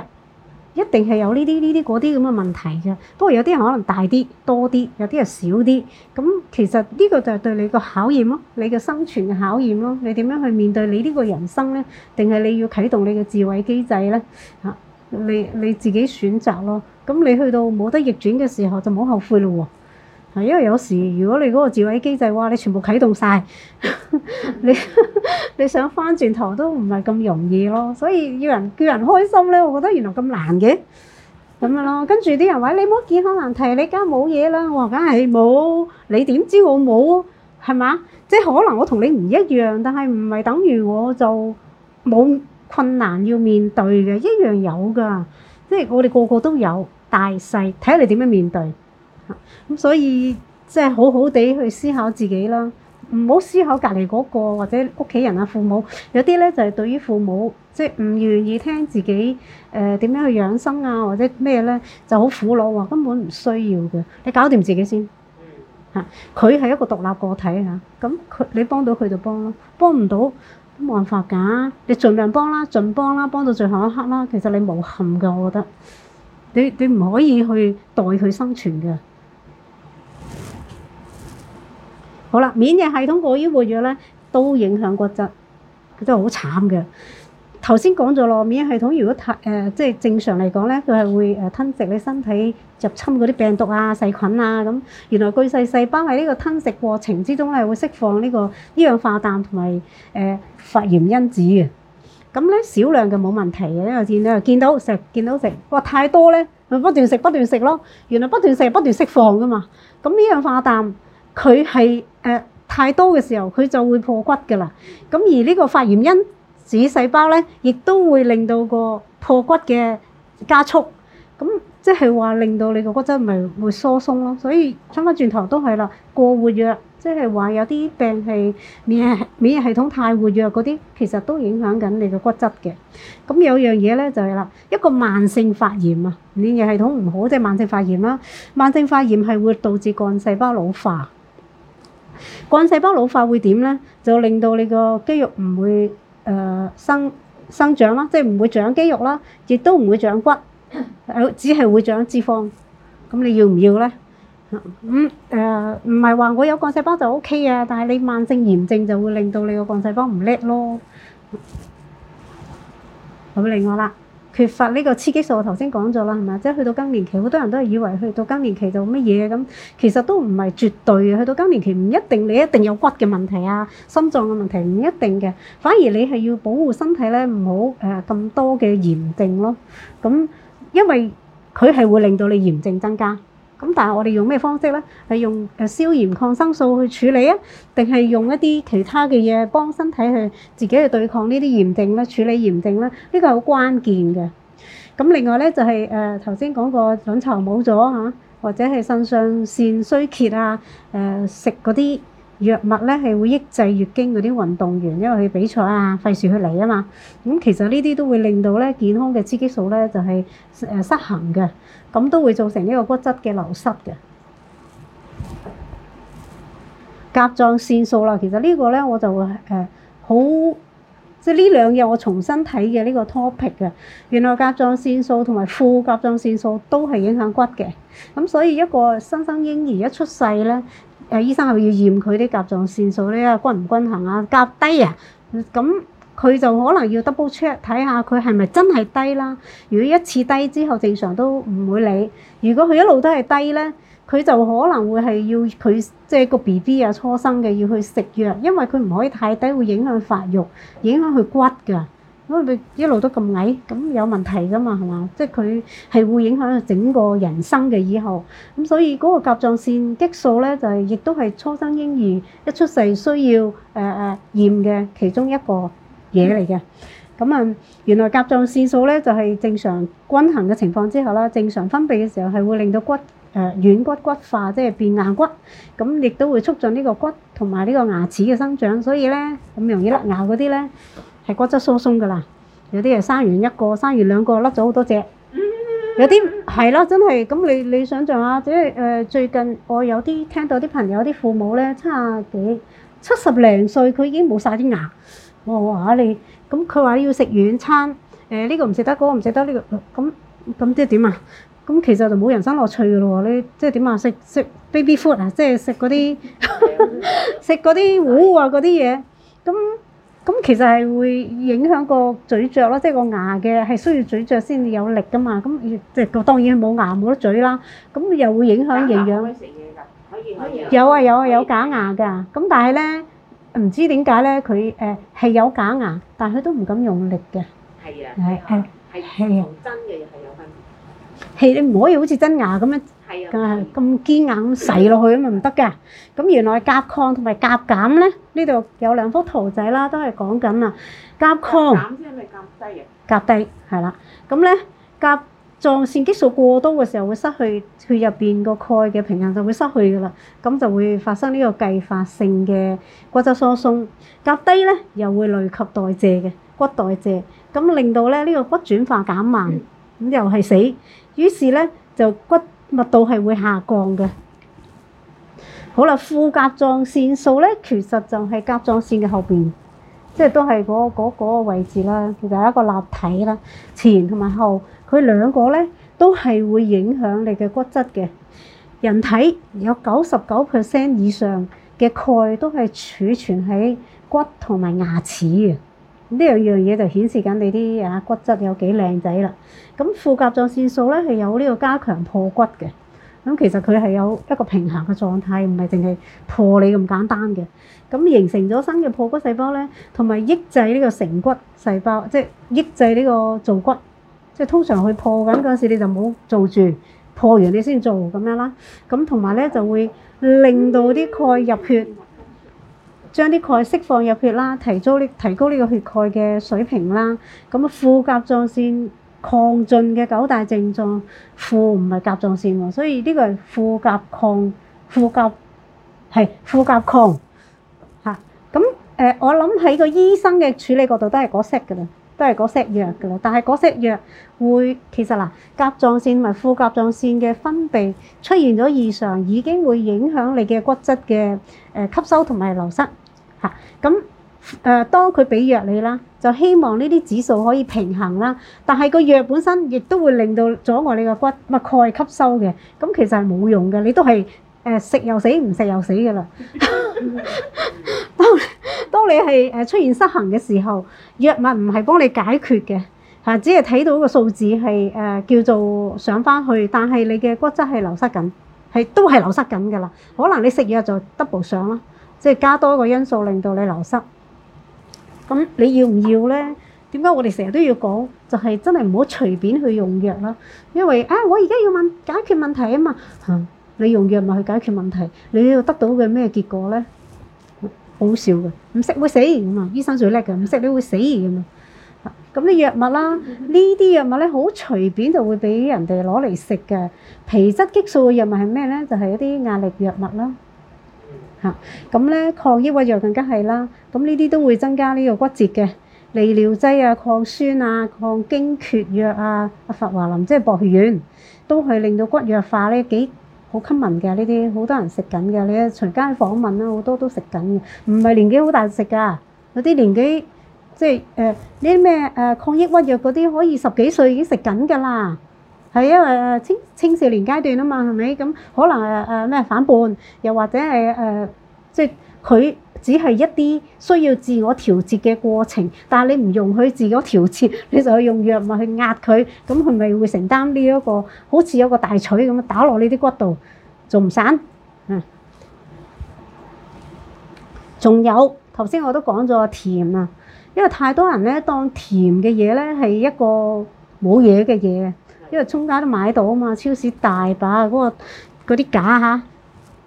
一定係有呢啲呢啲嗰啲咁嘅問題嘅，不過有啲人可能大啲多啲，有啲又少啲。咁其實呢個就係對你個考驗咯，你嘅生存嘅考驗咯，你點樣去面對你呢個人生咧？定係你要啟動你嘅智慧機制咧？嚇，你你自己選擇咯。咁你去到冇得逆轉嘅時候，就冇後悔嘞喎。係，因為有時如果你嗰個自毀機制，哇！你全部啟動晒，你你想翻轉頭都唔係咁容易咯。所以要人叫人開心咧，我覺得原來咁難嘅咁樣咯。跟住啲人話：你冇健康難題，你而家冇嘢啦。我話：梗係冇，你點知我冇？係嘛？即係可能我同你唔一樣，但係唔係等於我就冇困難要面對嘅，一樣有㗎。即係我哋個個都有，大細睇下你點樣面對。咁、嗯、所以即係好好地去思考自己啦，唔好思考隔離嗰個或者屋企人啊、父母。有啲咧就係、是、對於父母即係唔願意聽自己誒點、呃、樣去養生啊，或者咩咧就好苦惱喎，根本唔需要嘅。你搞掂自己先嚇，佢係、嗯、一個獨立個體嚇，咁、啊、佢你幫到佢就幫咯，幫唔到都冇辦法㗎。你盡量幫啦，盡幫啦，幫到最後一刻啦，其實你無憾㗎，我覺得。你你唔可以去代佢生存嘅。好啦，免疫系統過於活躍咧，都影響個腎，佢真係好慘嘅。頭先講咗咯，免疫系統如果太誒、呃，即係正常嚟講咧，佢係會誒吞食你身體入侵嗰啲病毒啊、細菌啊咁。原來巨細，細胞喺呢個吞食過程之中咧，會釋放呢、呢個一氧化氮同埋誒發炎因子嘅。咁咧少量嘅冇問題嘅，因為見咧見到食見到食，哇太多咧，咪不斷食不斷食咯。原來不斷食不，不斷釋放噶嘛。咁一氧化氮。佢係誒太多嘅時候，佢就會破骨㗎啦。咁而呢個發炎因子細胞咧，亦都會令到個破骨嘅加速。咁即係話令到你個骨質咪會疏鬆咯。所以翻返轉頭都係啦，過活躍即係話有啲病係免疫免疫系統太活躍嗰啲，其實都影響緊你個骨質嘅。咁有樣嘢咧就係啦，一個慢性發炎啊，免疫系統唔好即係、就是、慢性發炎啦。慢性發炎係會導致幹細胞老化。幹細胞老化會點呢？就令到你個肌肉唔會誒、呃、生生長啦，即係唔會長肌肉啦，亦都唔會長骨，只係會長脂肪。咁你要唔要呢？咁誒唔係話我有幹細胞就 OK 啊，但係你慢性炎症就會令到你個幹細胞唔叻咯。好，另外啦。缺乏呢個雌激素，我，我頭先講咗啦，係咪即係去到更年期，好多人都係以為去到更年期就乜嘢咁，其實都唔係絕對。去到更年期唔一定你一定有骨嘅問題啊，心臟嘅問題唔一定嘅。反而你係要保護身體咧，唔好誒咁多嘅炎症咯。咁因為佢係會令到你炎症增加。咁但係我哋用咩方式咧？係用誒消炎抗生素去處理啊？定係用一啲其他嘅嘢幫身體去自己去對抗呢啲炎症咧？處理炎症咧？呢個好關鍵嘅。咁另外咧就係誒頭先講過卵巢冇咗嚇，或者係腎上腺衰竭啊，誒、呃、食嗰啲。藥物咧係會抑制月經嗰啲運動員，因為佢比賽啊，費事佢嚟啊嘛。咁其實呢啲都會令到咧健康嘅雌激素咧就係、是、誒失衡嘅，咁都會造成呢個骨質嘅流失嘅。甲狀腺素啦，其實個呢個咧我就誒、呃、好，即係呢兩日我重新睇嘅呢個 topic 嘅。原來甲狀腺素同埋副甲狀腺素都係影響骨嘅，咁所以一個新生嬰兒一出世咧。誒，醫生係咪要驗佢啲甲狀腺素呢，均唔均衡啊，甲低啊，咁佢就可能要 double check 睇下佢係咪真係低啦。如果一次低之後正常都唔會理會，如果佢一路都係低呢，佢就可能會係要佢即係個 BB 啊初生嘅要去食藥，因為佢唔可以太低，會影響發育，影響佢骨㗎。因為佢一路都咁矮，咁有問題噶嘛？係嘛？即係佢係會影響整個人生嘅以後。咁所以嗰個甲狀腺激素咧，就係亦都係初生嬰兒一出世需要誒誒驗嘅其中一個嘢嚟嘅。咁啊，原來甲狀腺素咧就係正常均衡嘅情況之下啦，正常分泌嘅時候係會令到骨誒軟骨骨化，即係變硬骨。咁亦都會促進呢個骨同埋呢個牙齒嘅生長。所以咧咁容易甩牙嗰啲咧。係骨質疏鬆㗎啦，有啲係生完一個、生完兩個，甩咗好多隻。有啲係咯，真係。咁你你想象下，即係誒最近我有啲聽到啲朋友啲父母咧，七啊幾七十零歲，佢已經冇曬啲牙。我話嚇你，咁佢話你要食軟餐，誒呢個唔食得，嗰個唔食得，呢個咁咁即係點啊？咁其實就冇人生樂趣㗎咯喎，你即係點啊？食食 baby food 啊，即係食嗰啲食嗰啲糊啊嗰啲嘢咁。咁其實係會影響個咀嚼咯，即係個牙嘅係需要咀嚼先至有力㗎嘛。咁而即係當然冇牙冇得咀啦。咁又會影響營養。可以食嘢㗎，可以可以。有啊有啊有假牙㗎。咁但係咧唔知點解咧，佢誒係有假牙，但係佢都唔敢用力嘅。係啊。係係係。係同真嘅係有分別。係你唔可以好似真牙咁樣。啊！咁堅硬咁洗落去咁啊，唔得㗎。咁原來甲亢同埋甲減咧，呢度有兩幅圖仔啦，都係講緊啊。甲亢，減啲係咪減低啊？甲低係啦。咁咧甲狀腺激素過多嘅時候，會失去血入邊個鈣嘅平衡，就會失去噶啦。咁就會發生呢個繼發性嘅骨質疏鬆。甲低咧又會累及代謝嘅骨代謝，咁令到咧呢個骨轉化減慢，咁又係死。於是咧就骨。密度係會下降嘅。好啦，副甲狀腺素咧，其實就係甲狀腺嘅後邊，即係都係嗰嗰嗰個位置啦。其實係一個立體啦，前同埋後，佢兩個咧都係會影響你嘅骨質嘅。人體有九十九 percent 以上嘅鈣都係儲存喺骨同埋牙齒嘅。呢兩樣嘢就顯示緊你啲啊骨質有幾靚仔啦。咁副甲狀腺素咧係有呢個加強破骨嘅。咁其實佢係有一個平衡嘅狀態，唔係淨係破你咁簡單嘅。咁形成咗新嘅破骨細胞咧，同埋抑制呢個成骨細胞，即係抑制呢個做骨。即係通常去破緊嗰時，你就冇做住，破完你先做咁樣啦。咁同埋咧就會令到啲鈣入血。將啲鈣釋放入血啦，提高呢提高呢個血鈣嘅水平啦。咁啊，副甲狀腺亢進嘅九大症狀，副唔係甲狀腺喎，所以呢個係副甲亢，副甲係副甲亢嚇。咁誒，我諗喺個醫生嘅處理角度都係嗰 set 㗎啦，都係嗰 set 藥㗎啦。但係嗰 set 藥會其實嗱，甲狀腺同埋副甲狀腺嘅分泌出現咗異常，已經會影響你嘅骨質嘅誒吸收同埋流失。咁誒、啊，當佢俾藥你啦，就希望呢啲指數可以平衡啦。但係個藥本身亦都會令到阻礙你個骨咪鈣吸收嘅。咁其實係冇用嘅，你都係誒、呃、食又死，唔食又死嘅啦。 *laughs* 當當你係誒出現失衡嘅時候，藥物唔係幫你解決嘅，係、啊、只係睇到個數字係誒、呃、叫做上返去，但係你嘅骨質係流失緊，係都係流失緊嘅啦。可能你食藥就 double 上啦。即係加多一個因素令到你流失，咁你要唔要咧？點解我哋成日都要講，就係真係唔好隨便去用藥啦。因為啊，我而家要問解決問題啊嘛，嚇你用藥物去解決問題，你要得到嘅咩結果咧？好笑嘅，唔識會死咁啊！醫生最叻嘅，唔識你會死嘅嘛。咁啲藥物啦，呢啲藥物咧，好隨便就會俾人哋攞嚟食嘅皮質激素嘅藥物係咩咧？就係一啲壓力藥物啦。嚇咁咧，抗抑鬱藥更加係啦。咁呢啲都會增加呢個骨折嘅利尿劑啊、抗酸啊、抗驚厥藥啊、華法林，即係薄血丸，都係令到骨弱化咧，幾好 common 嘅呢啲，好多人食緊嘅。你隨街訪問啦，好多都食緊嘅，唔係年紀好大食噶，有啲年紀即係誒呢啲咩誒抗抑鬱藥嗰啲，可以十幾歲已經食緊㗎啦。係因為誒青青少年階段啊嘛，係咪咁可能誒誒咩反叛，又或者係誒即係佢只係一啲需要自我調節嘅過程，但係你唔容許自我調節，你就去用藥物去壓佢，咁係咪會承擔呢一個好似有個大錘咁打落你啲骨度，仲唔散？嗯，仲有頭先我都講咗甜啊，因為太多人咧當甜嘅嘢咧係一個冇嘢嘅嘢。因為中間都買到啊嘛，超市大把嗰個嗰啲假嚇。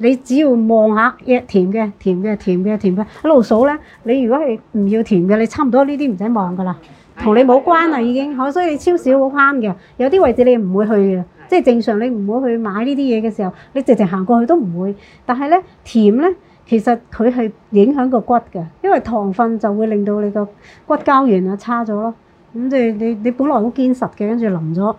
你只要望下，若甜嘅、甜嘅、甜嘅、甜嘅一路數咧。你如果係唔要甜嘅，你差唔多呢啲唔使望噶啦，同你冇關啦已經。我所以你超市好慳嘅，有啲位置你唔會去嘅，即係正常你唔會去買呢啲嘢嘅時候，你直直行過去都唔會。但係咧甜咧，其實佢係影響個骨嘅，因為糖分就會令到你個骨膠原啊差咗咯。咁即係你你本來好堅實嘅，跟住淋咗。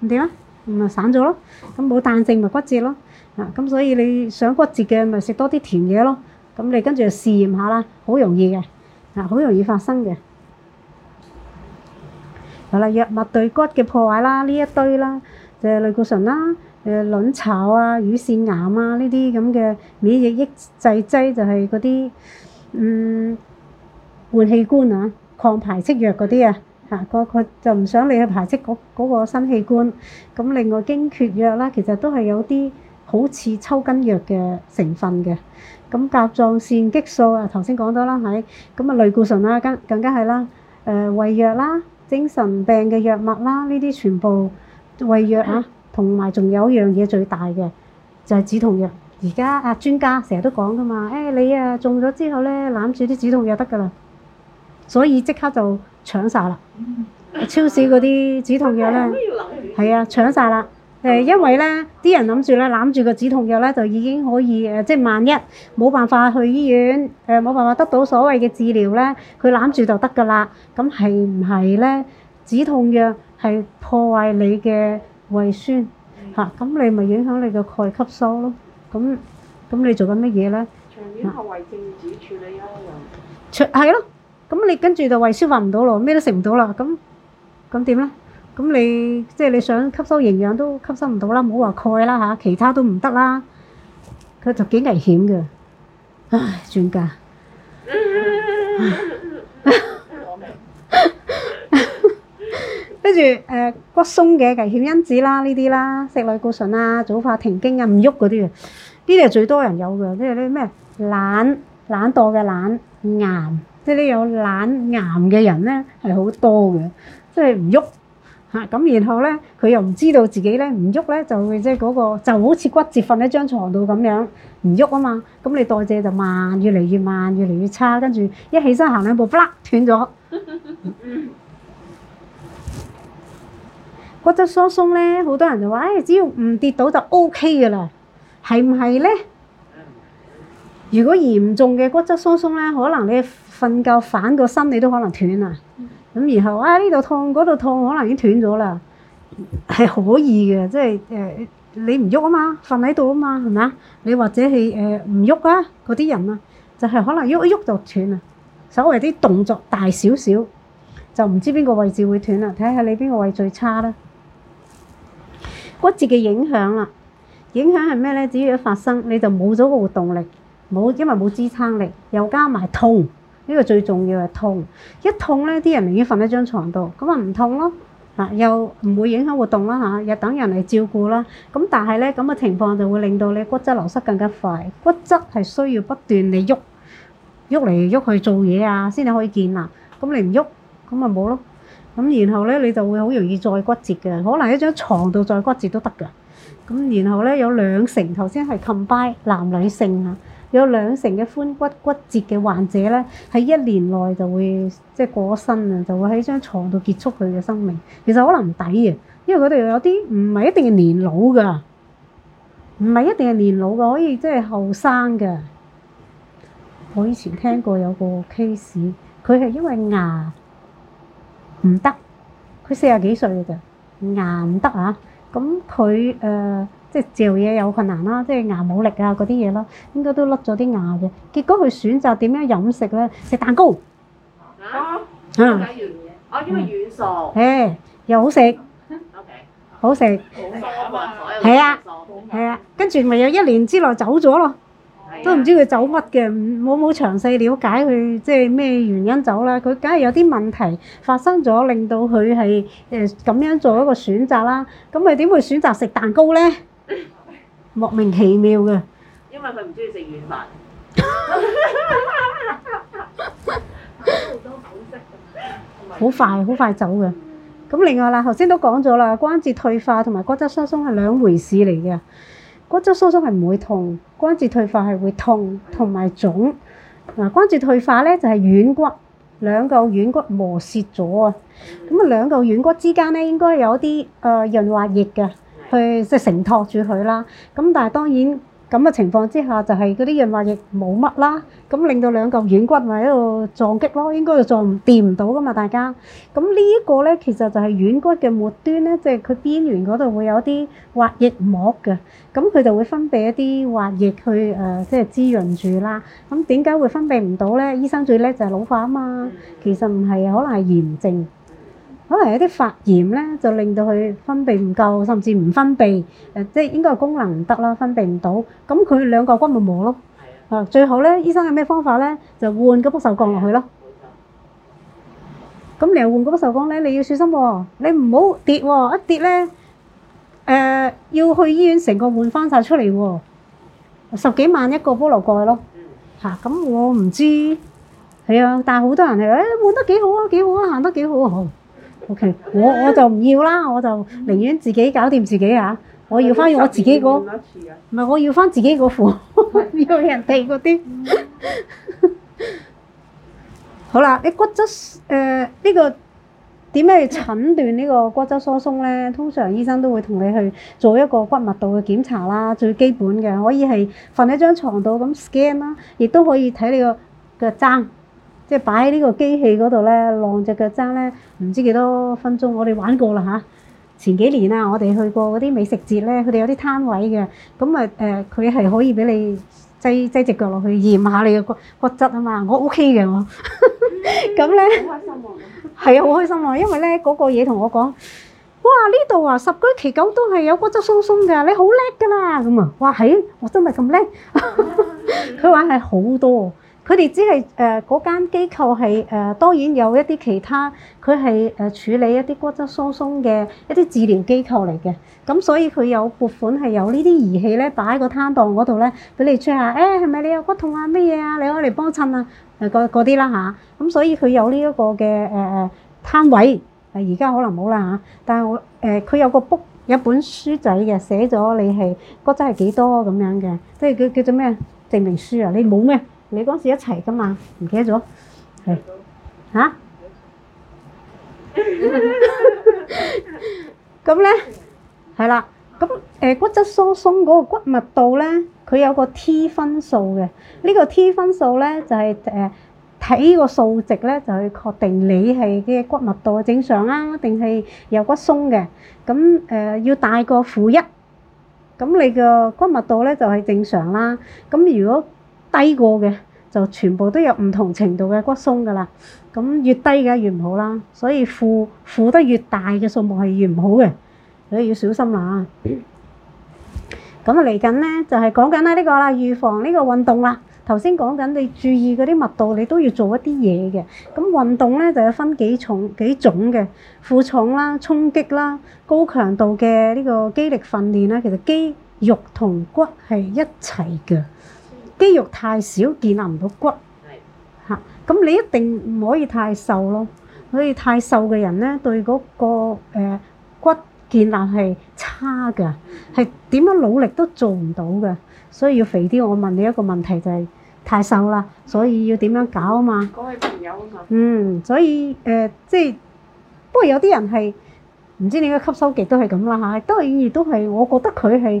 唔掂啦，咪散咗咯。咁冇彈性咪骨折咯。啊，咁所以你想骨折嘅咪食多啲甜嘢咯。咁你跟住就試驗下啦，好容易嘅，啊，好容易發生嘅。好啦，藥物對骨嘅破壞啦，呢一堆啦，誒類固醇啦，誒卵巢啊、乳腺癌啊，呢啲咁嘅免疫抑制劑就係嗰啲，嗯，換器官啊、抗排斥藥嗰啲啊。嚇，就唔想你去排斥嗰個新器官。咁另外驚厥藥啦，其實都係有啲好似抽筋藥嘅成分嘅。咁甲狀腺激素啊，頭先講到啦，係。咁啊類固醇啦，更更加係啦。誒、呃、胃藥啦，精神病嘅藥物啦，呢啲全部胃藥、嗯就是、啊。同埋仲有一樣嘢最大嘅，就、哎、係、啊、止痛藥。而家啊專家成日都講㗎嘛，誒你啊中咗之後咧，攬住啲止痛藥得㗎啦。所以即刻就搶晒啦！超市嗰啲止痛藥咧，係啊， *laughs* 搶晒啦！誒，因為咧，啲人諗住咧攬住個止痛藥咧，就已經可以誒，即係萬一冇辦法去醫院，誒冇辦法得到所謂嘅治療咧，佢攬住就得㗎啦。咁係唔係咧？止痛藥係破壞你嘅胃酸嚇，咁 *laughs* 你咪影響你嘅鈣吸收咯。咁咁你做緊乜嘢咧？全面後遺症治處理啊！又，係咯。咁你跟住就胃消化唔到咯，咩都食唔到啦，咁咁點咧？咁你即係你想吸收營養都吸收唔到啦，唔好話鈣啦嚇，其他都唔得啦。佢就幾危險㗎，唉，專家。跟住誒骨鬆嘅危險因子啦，呢啲啦，食類固醇啊，早發停經啊，唔喐嗰啲嘅，呢啲係最多人有嘅，即係啲咩懶懶惰嘅懶癌。啲呢啲有懶癌嘅人咧係好多嘅，即係唔喐吓咁，然後咧佢又唔知道自己咧唔喐咧就會即係嗰個就好似骨折瞓喺張牀度咁樣唔喐啊嘛，咁你代謝就慢，越嚟越慢，越嚟越差，跟住一起身行兩步，卜斷咗。骨質疏鬆咧，好多人就話，誒，只要唔跌倒就 OK 㗎啦，係唔係咧？如果嚴重嘅骨質疏鬆咧，可能你～瞓覺反個身，你都可能斷啊！咁然後啊，呢度痛，嗰度痛，可能已經斷咗啦。係可以嘅，即係誒你唔喐啊嘛，瞓喺度啊嘛，係嘛？你或者係誒唔喐啊嗰啲人啊，人就係、是、可能喐一喐就斷啊。稍微啲動作大少少，就唔知邊個位置會斷啦。睇下你邊個位最差啦。骨折嘅影響啦，影響係咩咧？只要一發生，你就冇咗個動力，冇因為冇支撐力，又加埋痛。呢個最重要係痛，一痛咧，啲人寧願瞓喺張床度，咁啊唔痛咯，嗱又唔會影響活動啦嚇，又等人嚟照顧啦。咁但係咧，咁嘅情況就會令到你骨質流失更加快。骨質係需要不斷你喐，喐嚟喐去做嘢啊，先你可以建立。咁你唔喐，咁咪冇咯。咁然後咧，你就會好容易再骨折嘅，可能喺張床度再骨折都得㗎。咁然後咧，有兩成頭先係 combine 男女性啊。有兩成嘅髖骨骨折嘅患者咧，喺一年內就會即係過咗身啊，就會喺張牀度結束佢嘅生命。其實可能唔抵嘅，因為佢哋又有啲唔係一定係年老噶，唔係一定係年老嘅，可以即係後生嘅。我以前聽過有個 case，佢係因為牙唔得，佢四十幾歲嘅啫，牙唔得啊，咁佢誒。即嚼嘢有困難啦，即牙冇力啊嗰啲嘢咯，應該都甩咗啲牙嘅。結果佢選擇點樣飲食咧？食蛋糕啊？嗯，啊因為軟熟，誒又好食，好食，好食啊嘛，係啊，係啊，跟住咪有一年之內走咗咯，都唔知佢走乜嘅，唔冇冇詳細瞭解佢即咩原因走啦。佢梗係有啲問題發生咗，令到佢係誒咁樣做一個選擇啦。咁佢點會選擇食蛋糕咧？莫名其妙嘅，因為佢唔中意食軟飯。好多保質，好快好快走嘅。咁另外啦，頭先都講咗啦，關節退化同埋骨質疏鬆係兩回事嚟嘅。骨質疏鬆係唔會痛，關節退化係會痛同埋腫。嗱，關節退化咧就係軟骨兩嚿軟骨磨蝕咗啊。咁啊，兩嚿軟骨之間咧應該有啲呃潤滑液嘅。去即係承托住佢啦，咁但係當然咁嘅情況之下，就係嗰啲潤滑液冇乜啦，咁令到兩嚿軟骨咪喺度撞擊咯，應該就撞唔掂唔到噶嘛，大家。咁呢一個咧，其實就係軟骨嘅末端咧，即係佢邊緣嗰度會有啲滑液膜嘅，咁佢就會分泌一啲滑液去誒，即係滋潤住啦。咁點解會分泌唔到咧？醫生最叻就係老化啊嘛，其實唔係，可能係炎症。可能有啲發炎咧，就令到佢分泌唔夠，甚至唔分泌，誒即係應該係功能唔得啦，分泌唔到，咁佢兩個骨冇冇咯。係啊，啊最後咧，醫生有咩方法咧？就換個不銹鋼落去咯。換手。咁你又換個不銹鋼咧？你要小心喎，你唔好跌喎，一跌咧誒要去醫院，成個換翻曬出嚟喎，十幾萬一個菠蘿蓋咯。嗯。嚇！咁我唔知係啊，但係好多人係誒換得幾好啊，幾好啊，行得幾好啊。O.K.，我我就唔要啦，我就寧願自己搞掂自己啊。我要翻我自己嗰，唔係 *laughs* 我要翻自己嗰副，要人哋嗰啲。 *laughs* 好啦，你骨質誒呢個點樣去診斷呢個骨質疏鬆咧？通常醫生都會同你去做一個骨密度嘅檢查啦，最基本嘅可以係瞓喺張床度咁 scan 啦，亦都可以睇你個腳踭。即係擺喺呢個機器嗰度咧，晾隻腳踭咧，唔知幾多分鐘。我哋玩過啦嚇。前幾年啊，我哋去過嗰啲美食節咧，佢哋有啲攤位嘅。咁啊誒，佢係可以俾你擠擠隻腳落去驗下你嘅骨骨質啊嘛。我 OK 嘅我。咁咧係啊，好開心啊！因為咧嗰個嘢同我講，哇！呢度啊，十居其九都係有骨質疏鬆㗎。你好叻㗎啦咁啊！哇！係，我都咪咁叻。佢玩係好多。佢哋只係誒嗰間機構係、呃、當然有一啲其他，佢係誒處理一啲骨質疏鬆嘅一啲治療機構嚟嘅。咁所以佢有撥款係有呢啲儀器呢擺喺個攤檔嗰度咧，俾你 check 下，誒係咪你有骨痛啊咩嘢啊，你攞嚟幫襯啊誒個嗰啲啦嚇。咁、呃啊、所以佢有呢一個嘅、呃、攤位，誒而家可能冇啦、啊、但係我佢、呃、有個 book 有一本書仔嘅，寫咗你係骨質係幾多咁樣嘅，即係叫叫做咩證明書啊？你冇咩？你嗰時一齊㗎嘛？唔記得咗？係吓。咁咧，係啦。咁誒，骨質疏鬆嗰個骨密度咧，佢有個 T 分數嘅。呢個 T 分數咧，就係誒睇個數值咧，就去確定你係嘅骨密度正常啊，定係有骨鬆嘅。咁誒要大過負一，咁你嘅骨密度咧就係正常啦。咁如果低過嘅就全部都有唔同程度嘅骨鬆噶啦，咁越低嘅越唔好啦，所以負負得越大嘅數目係越唔好嘅，所以要小心啦。咁啊嚟緊呢，就係講緊咧呢個啦，預防呢個運動啦。頭先講緊你注意嗰啲密度，你都要做一啲嘢嘅。咁運動呢，就要分幾重幾種嘅，負重啦、衝擊啦、高強度嘅呢個肌力訓練啦。其實肌肉同骨係一齊嘅。肌肉太少建立唔到骨，嚇咁是、啊、你一定唔可以太瘦咯。所以太瘦嘅人咧，對嗰、那個、呃、骨建立係差嘅，係點、嗯、樣努力都做唔到嘅。所以要肥啲。我問你一個問題就係、是、太瘦啦，所以要點樣搞啊嘛？各位朋友問。嗯，所以誒、呃，即係不過有啲人係唔知點解吸收極都係咁啦嚇，都係都係，我覺得佢係。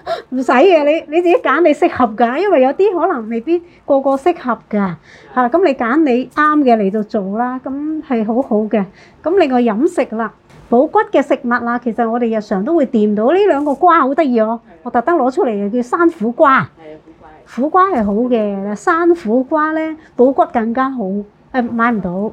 唔使嘅，你你自己揀你適合㗎，因為有啲可能未必個個適合㗎嚇。咁你揀你啱嘅嚟到做啦，咁係好好嘅。咁另外飲食啦，補骨嘅食物啦，其實我哋日常都會掂到呢兩個瓜好得意哦。我特登攞出嚟叫山苦瓜，苦瓜係好嘅，山苦瓜咧補骨更加好，誒買唔到，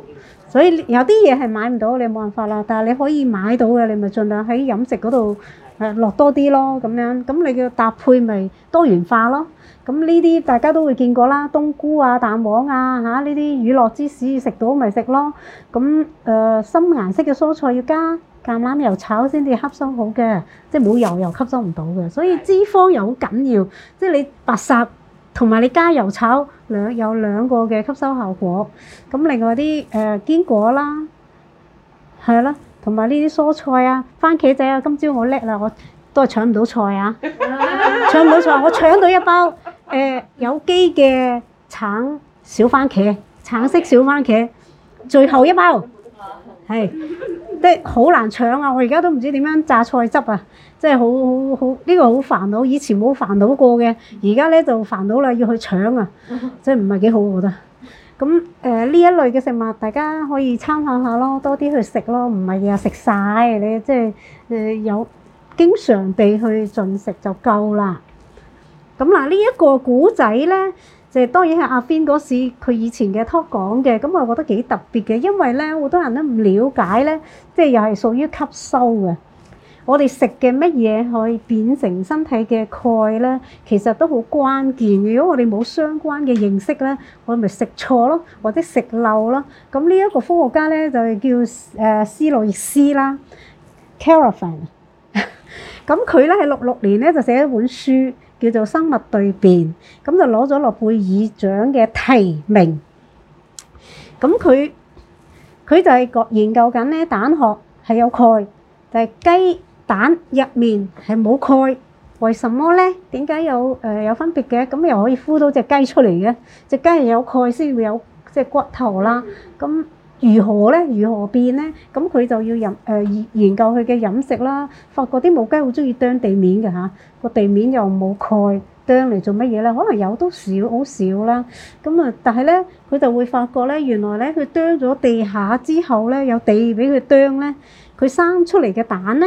所以有啲嘢係買唔到，你冇辦法啦。但係你可以買到嘅，你咪盡量喺飲食嗰度。誒落多啲咯，咁樣咁你嘅搭配咪多元化咯。咁呢啲大家都會見過啦，冬菇啊、蛋黃啊，嚇呢啲乳酪芝士食到咪食咯。咁誒深顏色嘅蔬菜要加橄欖油炒先至吸收好嘅，即係冇油又吸收唔到嘅。所以脂肪又好緊要，即係你白灼同埋你加油炒兩有兩個嘅吸收效果。咁另外啲誒堅果啦，係咯。同埋呢啲蔬菜啊，番茄仔啊，今朝我叻啦，我都係搶唔到菜啊， *laughs* 搶唔到菜，我搶到一包誒、呃、有機嘅橙小番茄，橙色小番茄， *laughs* 最後一包，係， *laughs* 即係好難搶啊！我而家都唔知點樣榨菜汁啊，真係好好好，呢個好煩惱，以前冇煩惱過嘅，而家咧就煩惱啦，要去搶啊，真係唔係幾好，我覺得。咁誒呢一類嘅食物，大家可以參考下咯，多啲去食咯，唔係日日食晒。你，即係誒有經常地去進食就夠啦。咁嗱，呢一個古仔咧，就當然係阿邊嗰時佢以前嘅 talk 講嘅，咁我覺得幾特別嘅，因為咧好多人都唔了解咧，即係又係屬於吸收嘅。我哋食嘅乜嘢可以變成身體嘅鈣咧？其實都好關鍵。如果我哋冇相關嘅認識咧，我咪食錯咯，或者食漏咯。咁呢一個科學家咧就係叫誒斯諾易斯啦，Caravan。咁佢咧喺六六年咧就寫一本書叫做《生物對變》，咁就攞咗諾貝爾獎嘅提名。咁佢佢就係研究緊咧蛋殼係有鈣，就係雞。蛋入面係冇鈣，為什麼呢？點解有誒有分別嘅？咁又可以孵到隻雞出嚟嘅？隻雞有鈣先會有即係骨頭啦。咁如何呢？如何變呢？咁佢就要飲誒研研究佢嘅飲食啦。發覺啲母雞好鍾意啄地面嘅嚇，個地面又冇鈣，啄嚟做乜嘢呢？可能有都少好少啦。咁啊，但係呢，佢就會發覺呢，原來呢佢啄咗地下之後呢，有地俾佢啄呢，佢生出嚟嘅蛋呢。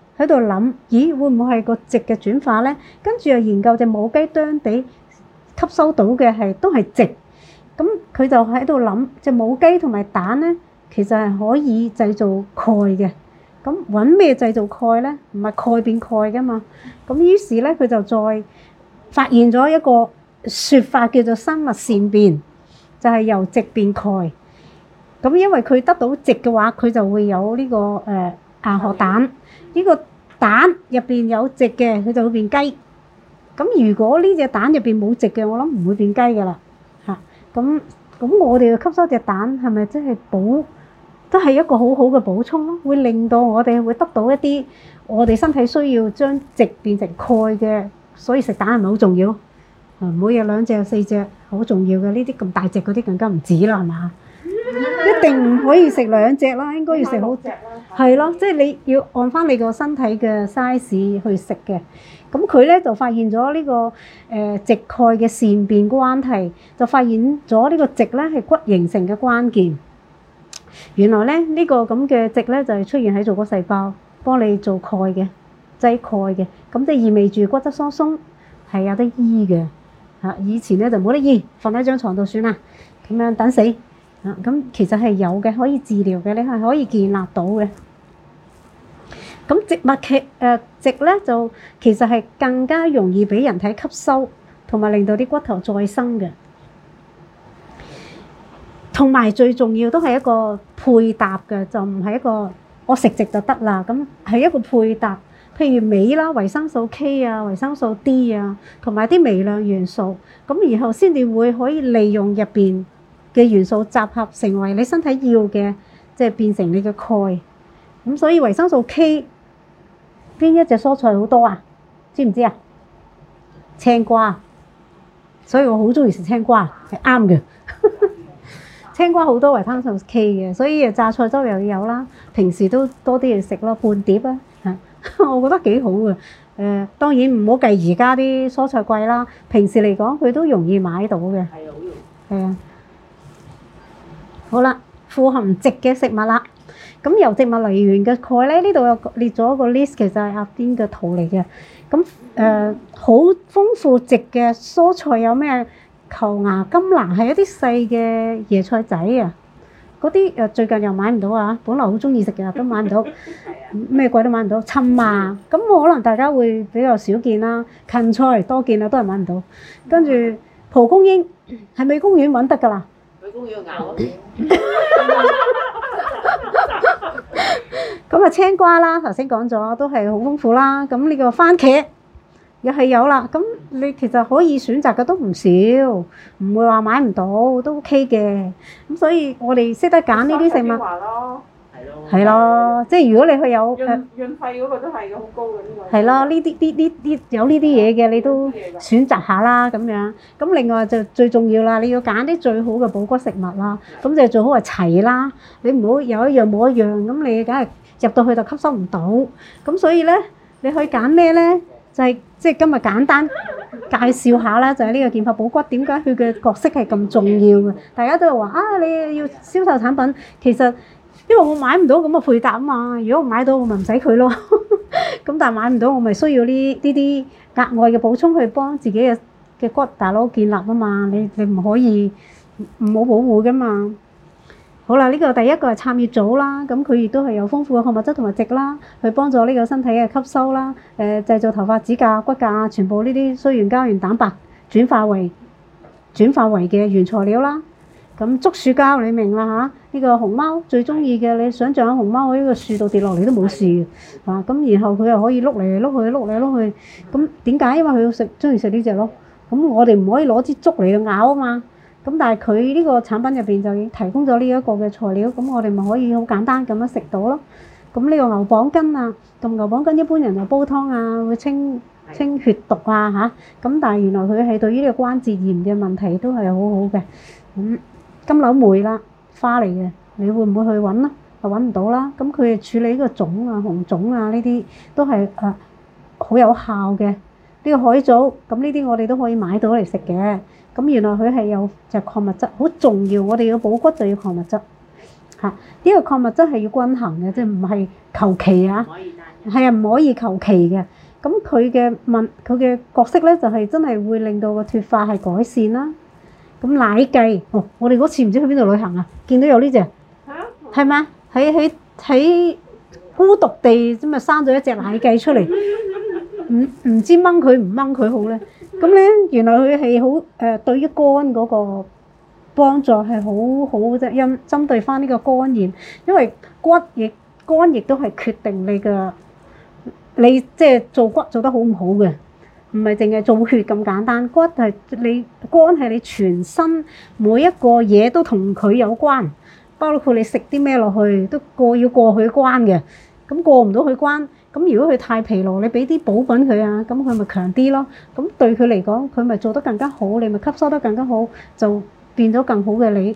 喺度諗，咦，會唔會係個矽嘅轉化咧？跟住又研究隻母雞啄地吸收到嘅係都係矽，咁佢就喺度諗，隻母雞同埋蛋咧，其實係可以製造鈣嘅。咁搵咩製造鈣咧？唔係矽變鈣㗎嘛。咁於是咧，佢就再發現咗一個説法，叫做生物嬗變，就係由矽變鈣。咁因為佢得到矽嘅話，佢就會有呢個誒硬殼蛋呢個。蛋入邊有鈉嘅，佢就會變雞。咁如果呢隻蛋入邊冇鈉嘅，我諗唔會變雞㗎啦。嚇，咁咁我哋要吸收隻蛋係咪即係補，都係一個好好嘅補充咯。會令到我哋會得到一啲我哋身體需要將鈉變成鈣嘅。所以食蛋係咪好重要？啊，每日兩隻四隻，好重要嘅。呢啲咁大隻嗰啲更加唔止啦，係咪啊？一定唔可以食兩隻啦，應該要食好隻。係咯，即係你要按翻你個身體嘅 size 去食嘅。咁佢咧就發現咗呢個誒矽鈣嘅善變關係，就發現咗、這個呃、呢個矽咧係骨形成嘅關鍵。原來咧呢、這個咁嘅矽咧就係、是、出現喺做骨細胞幫你做鈣嘅製鈣嘅。咁就意味住骨質疏鬆係有得醫嘅嚇、啊。以前咧就冇得醫，瞓喺張床度算啦，咁樣等死。啊，咁其實係有嘅，可以治療嘅，你係可以建立到嘅。咁植物嘅誒植咧，就其實係更加容易俾人體吸收，同埋令到啲骨頭再生嘅。同埋最重要都係一個配搭嘅，就唔係一個我食植就得啦。咁係一個配搭，譬如鎂啦、維生素 K 啊、維生素 D 啊，同埋啲微量元素，咁然後先至會可以利用入邊。嘅元素集合成為你身體要嘅，即係變成你嘅鈣。咁所以維生素 K 邊一隻蔬菜好多啊？知唔知啊？青瓜，所以我好中意食青瓜，係啱嘅。 *laughs* 青瓜好多維生素 K 嘅，所以誒榨菜周又要有啦。平時都多啲嘢食咯，半碟啊，嚇！ *laughs* 我覺得幾好嘅。誒、呃，當然唔好計而家啲蔬菜貴啦。平時嚟講，佢都容易買到嘅。係啊，好容易。係啊、嗯。好啦，富含植嘅食物啦，咁由植物嚟源嘅鈣咧，呢度有列咗一個 list，其實係阿邊嘅圖嚟嘅。咁誒，好、呃、豐富植嘅蔬菜有咩？球芽、甘藍係一啲細嘅椰菜仔啊，嗰啲又最近又買唔到啊！本來好中意食嘅都買唔到，咩 *laughs* 鬼都買唔到。春麻咁，我可能大家會比較少見啦、啊。芹菜多見啦，都係買唔到。跟住蒲公英，係咪公園揾得㗎啦？咁啊， *laughs* 就青瓜啦，頭先講咗都係好豐富啦。咁呢個番茄又係有啦。咁你其實可以選擇嘅都唔少，唔會話買唔到都 OK 嘅。咁所以我哋識得揀呢啲食物。係咯，即係如果你去有孕孕費嗰個都係好高嘅呢個。係咯，呢啲啲啲啲有呢啲嘢嘅，你都選擇下啦咁樣。咁另外就最重要啦，你要揀啲最好嘅保骨食物啦。咁就最好係齊啦，你唔好有一樣冇一樣，咁你梗係入到去就吸收唔到。咁所以咧，你可以揀咩咧？就係即係今日簡單介紹下啦，就係、是、呢個健發保骨點解佢嘅角色係咁重要嘅？大家都話啊，你要銷售產品，其實。因為我買唔到咁嘅配搭啊嘛，如果我買到我咪唔使佢咯。咁但係買唔到我咪需要呢啲啲額外嘅補充去幫自己嘅嘅骨大佬建立啊嘛。你你唔可以唔好保護噶嘛。好啦，呢、這個第一個係參與組啦，咁佢亦都係有豐富嘅礦物質同埋植啦，去幫助呢個身體嘅吸收啦。誒、呃，製造頭髮、指甲、骨架、啊，全部呢啲鈣原膠原蛋白轉化為轉化為嘅原材料啦。咁竹樹膠你明啦嚇，呢個熊貓最中意嘅，你想象下熊貓喺個樹度跌落嚟都冇事，啊咁然後佢又可以碌嚟碌去碌嚟碌去，咁點解？因為佢要食中意食呢隻咯。咁我哋唔可以攞支竹嚟去咬啊嘛。咁但係佢呢個產品入邊就已經提供咗呢一個嘅材料，咁我哋咪可以好簡單咁樣食到咯。咁呢個牛蒡根啊，同牛蒡根一般人就煲湯啊，會清清血毒啊嚇。咁但係原來佢係對於呢個關節炎嘅問題都係好好嘅。咁金柳梅啦，花嚟嘅，你會唔會去揾咧？揾唔到啦。咁佢處理呢個腫啊、紅腫啊呢啲，都係誒好有效嘅。呢、呢個海藻，咁呢啲我哋都可以買到嚟食嘅。咁原來佢係有隻礦物質，好重要。我哋要補骨就要礦物質嚇。呢、啊呢個礦物質係要均衡嘅，即係唔係求其啊？係啊，唔可以求其嘅。咁佢嘅問佢嘅角色咧，就係、是、真係會令到個脫髮係改善啦。咁奶雞，哦，我哋嗰次唔知去邊度旅行啊，見到有呢隻，嚇，係咪？喺喺喺孤獨地咁啊，生咗一隻奶雞出嚟，唔唔知掹佢唔掹佢好咧。咁咧，原來佢係好誒，對於肝嗰個幫助係好好啫，因針對返呢個肝炎，因為骨亦肝亦都係決定你嘅，你即係做骨做得好唔好嘅。唔係淨係造血咁簡單，骨係你肝係你全身每一個嘢都同佢有關，包括你食啲咩落去都過要過去關嘅。咁過唔到佢關，咁如果佢太疲勞，你俾啲補品佢啊，咁佢咪強啲咯。咁對佢嚟講，佢咪做得更加好，你咪吸收得更加好，就變咗更好嘅你。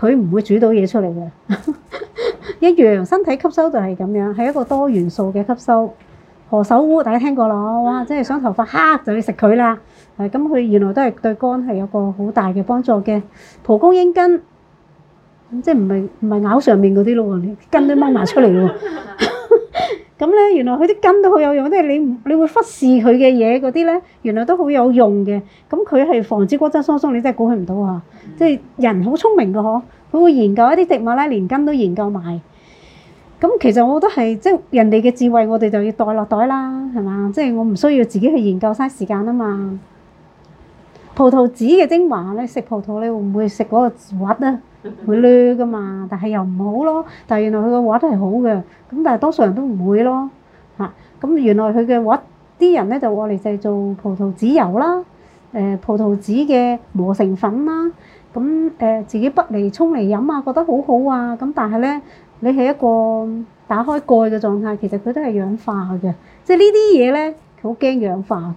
佢唔會煮到嘢出嚟嘅， *laughs* 一樣身體吸收就係咁樣，係一個多元素嘅吸收。何首烏大家聽過啦，哇！即係想頭髮黑就要食佢啦。誒，咁、嗯、佢原來都係對肝係有個好大嘅幫助嘅。蒲公英根，咁即係唔係唔係咬上面嗰啲咯喎，根都掹埋出嚟喎。 *laughs* 咁咧，原來佢啲根都好有用，即係你你會忽視佢嘅嘢嗰啲咧，原來都好有用嘅。咁佢係防止骨質疏鬆，你真係估佢唔到啊！即係人好聰明嘅嗬，佢會研究一啲植物咧，連根都研究埋。咁其實我覺得係即係人哋嘅智慧，我哋就要袋落袋啦，係嘛？即係我唔需要自己去研究嘥時間啊嘛。葡萄籽嘅精華咧，食葡萄你會唔會食嗰個核咧？會攣噶嘛，但係又唔好咯。但係原來佢嘅畫都係好嘅，咁但係多數人都唔會咯嚇。咁、啊、原來佢嘅畫，啲人咧就攞嚟製造葡萄籽油啦，誒、呃、葡萄籽嘅磨成粉啦，咁、啊、誒、呃、自己不嚟沖嚟飲啊，覺得好好啊。咁但係咧，你係一個打開蓋嘅狀態，其實佢都係氧化嘅，即係呢啲嘢咧，佢好驚氧化。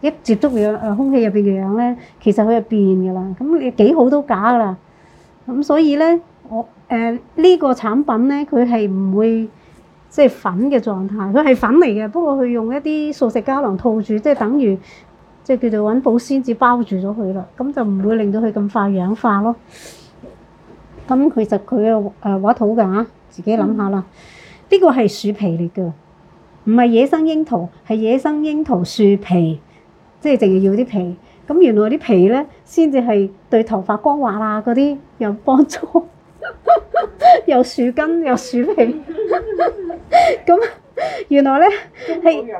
一接觸氧，誒，空氣入邊嘅氧咧，其實佢係變噶啦，咁你幾好都假噶啦。咁所以咧，我誒呢、呃、這個產品咧，佢係唔會即係粉嘅狀態，佢係粉嚟嘅。不過佢用一啲素食膠囊套住，即係等於即係叫做搵保鮮紙包住咗佢啦。咁就唔會令到佢咁快氧化咯。咁其實佢嘅誒畫土㗎嚇，自己諗下啦。呢、這個係樹皮嚟㗎，唔係野生櫻桃，係野生櫻桃樹皮，即係淨係要啲皮。咁原來啲皮咧，先至係對頭髮光滑啦嗰啲有幫助，有樹根，有樹皮。咁 *laughs* 原來咧係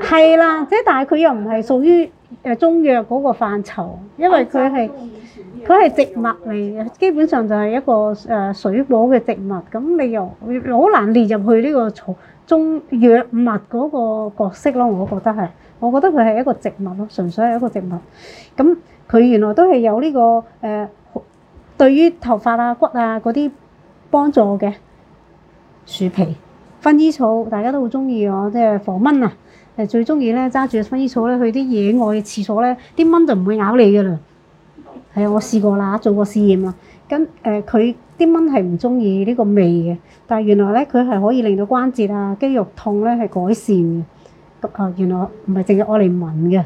係啦，即係但係佢又唔係屬於誒中藥嗰個範疇，因為佢係佢係植物嚟嘅，基本上就係一個誒水果嘅植物。咁你又好難列入去呢個中藥物嗰個角色咯，我覺得係。我覺得佢係一個植物咯，純粹係一個植物。咁佢原來都係有呢個誒，對於頭髮啊、骨啊嗰啲幫助嘅樹皮、薰衣草，大家都好中意哦，即係防蚊啊！誒最中意咧，揸住薰衣草咧去啲野外嘅廁所咧，啲蚊就唔會咬你㗎喇。係啊，我試過啦，做過試驗啦。咁誒，佢啲蚊係唔中意呢個味嘅，但係原來咧，佢係可以令到關節啊、肌肉痛咧係改善嘅。哦，原來唔係淨係愛嚟聞嘅，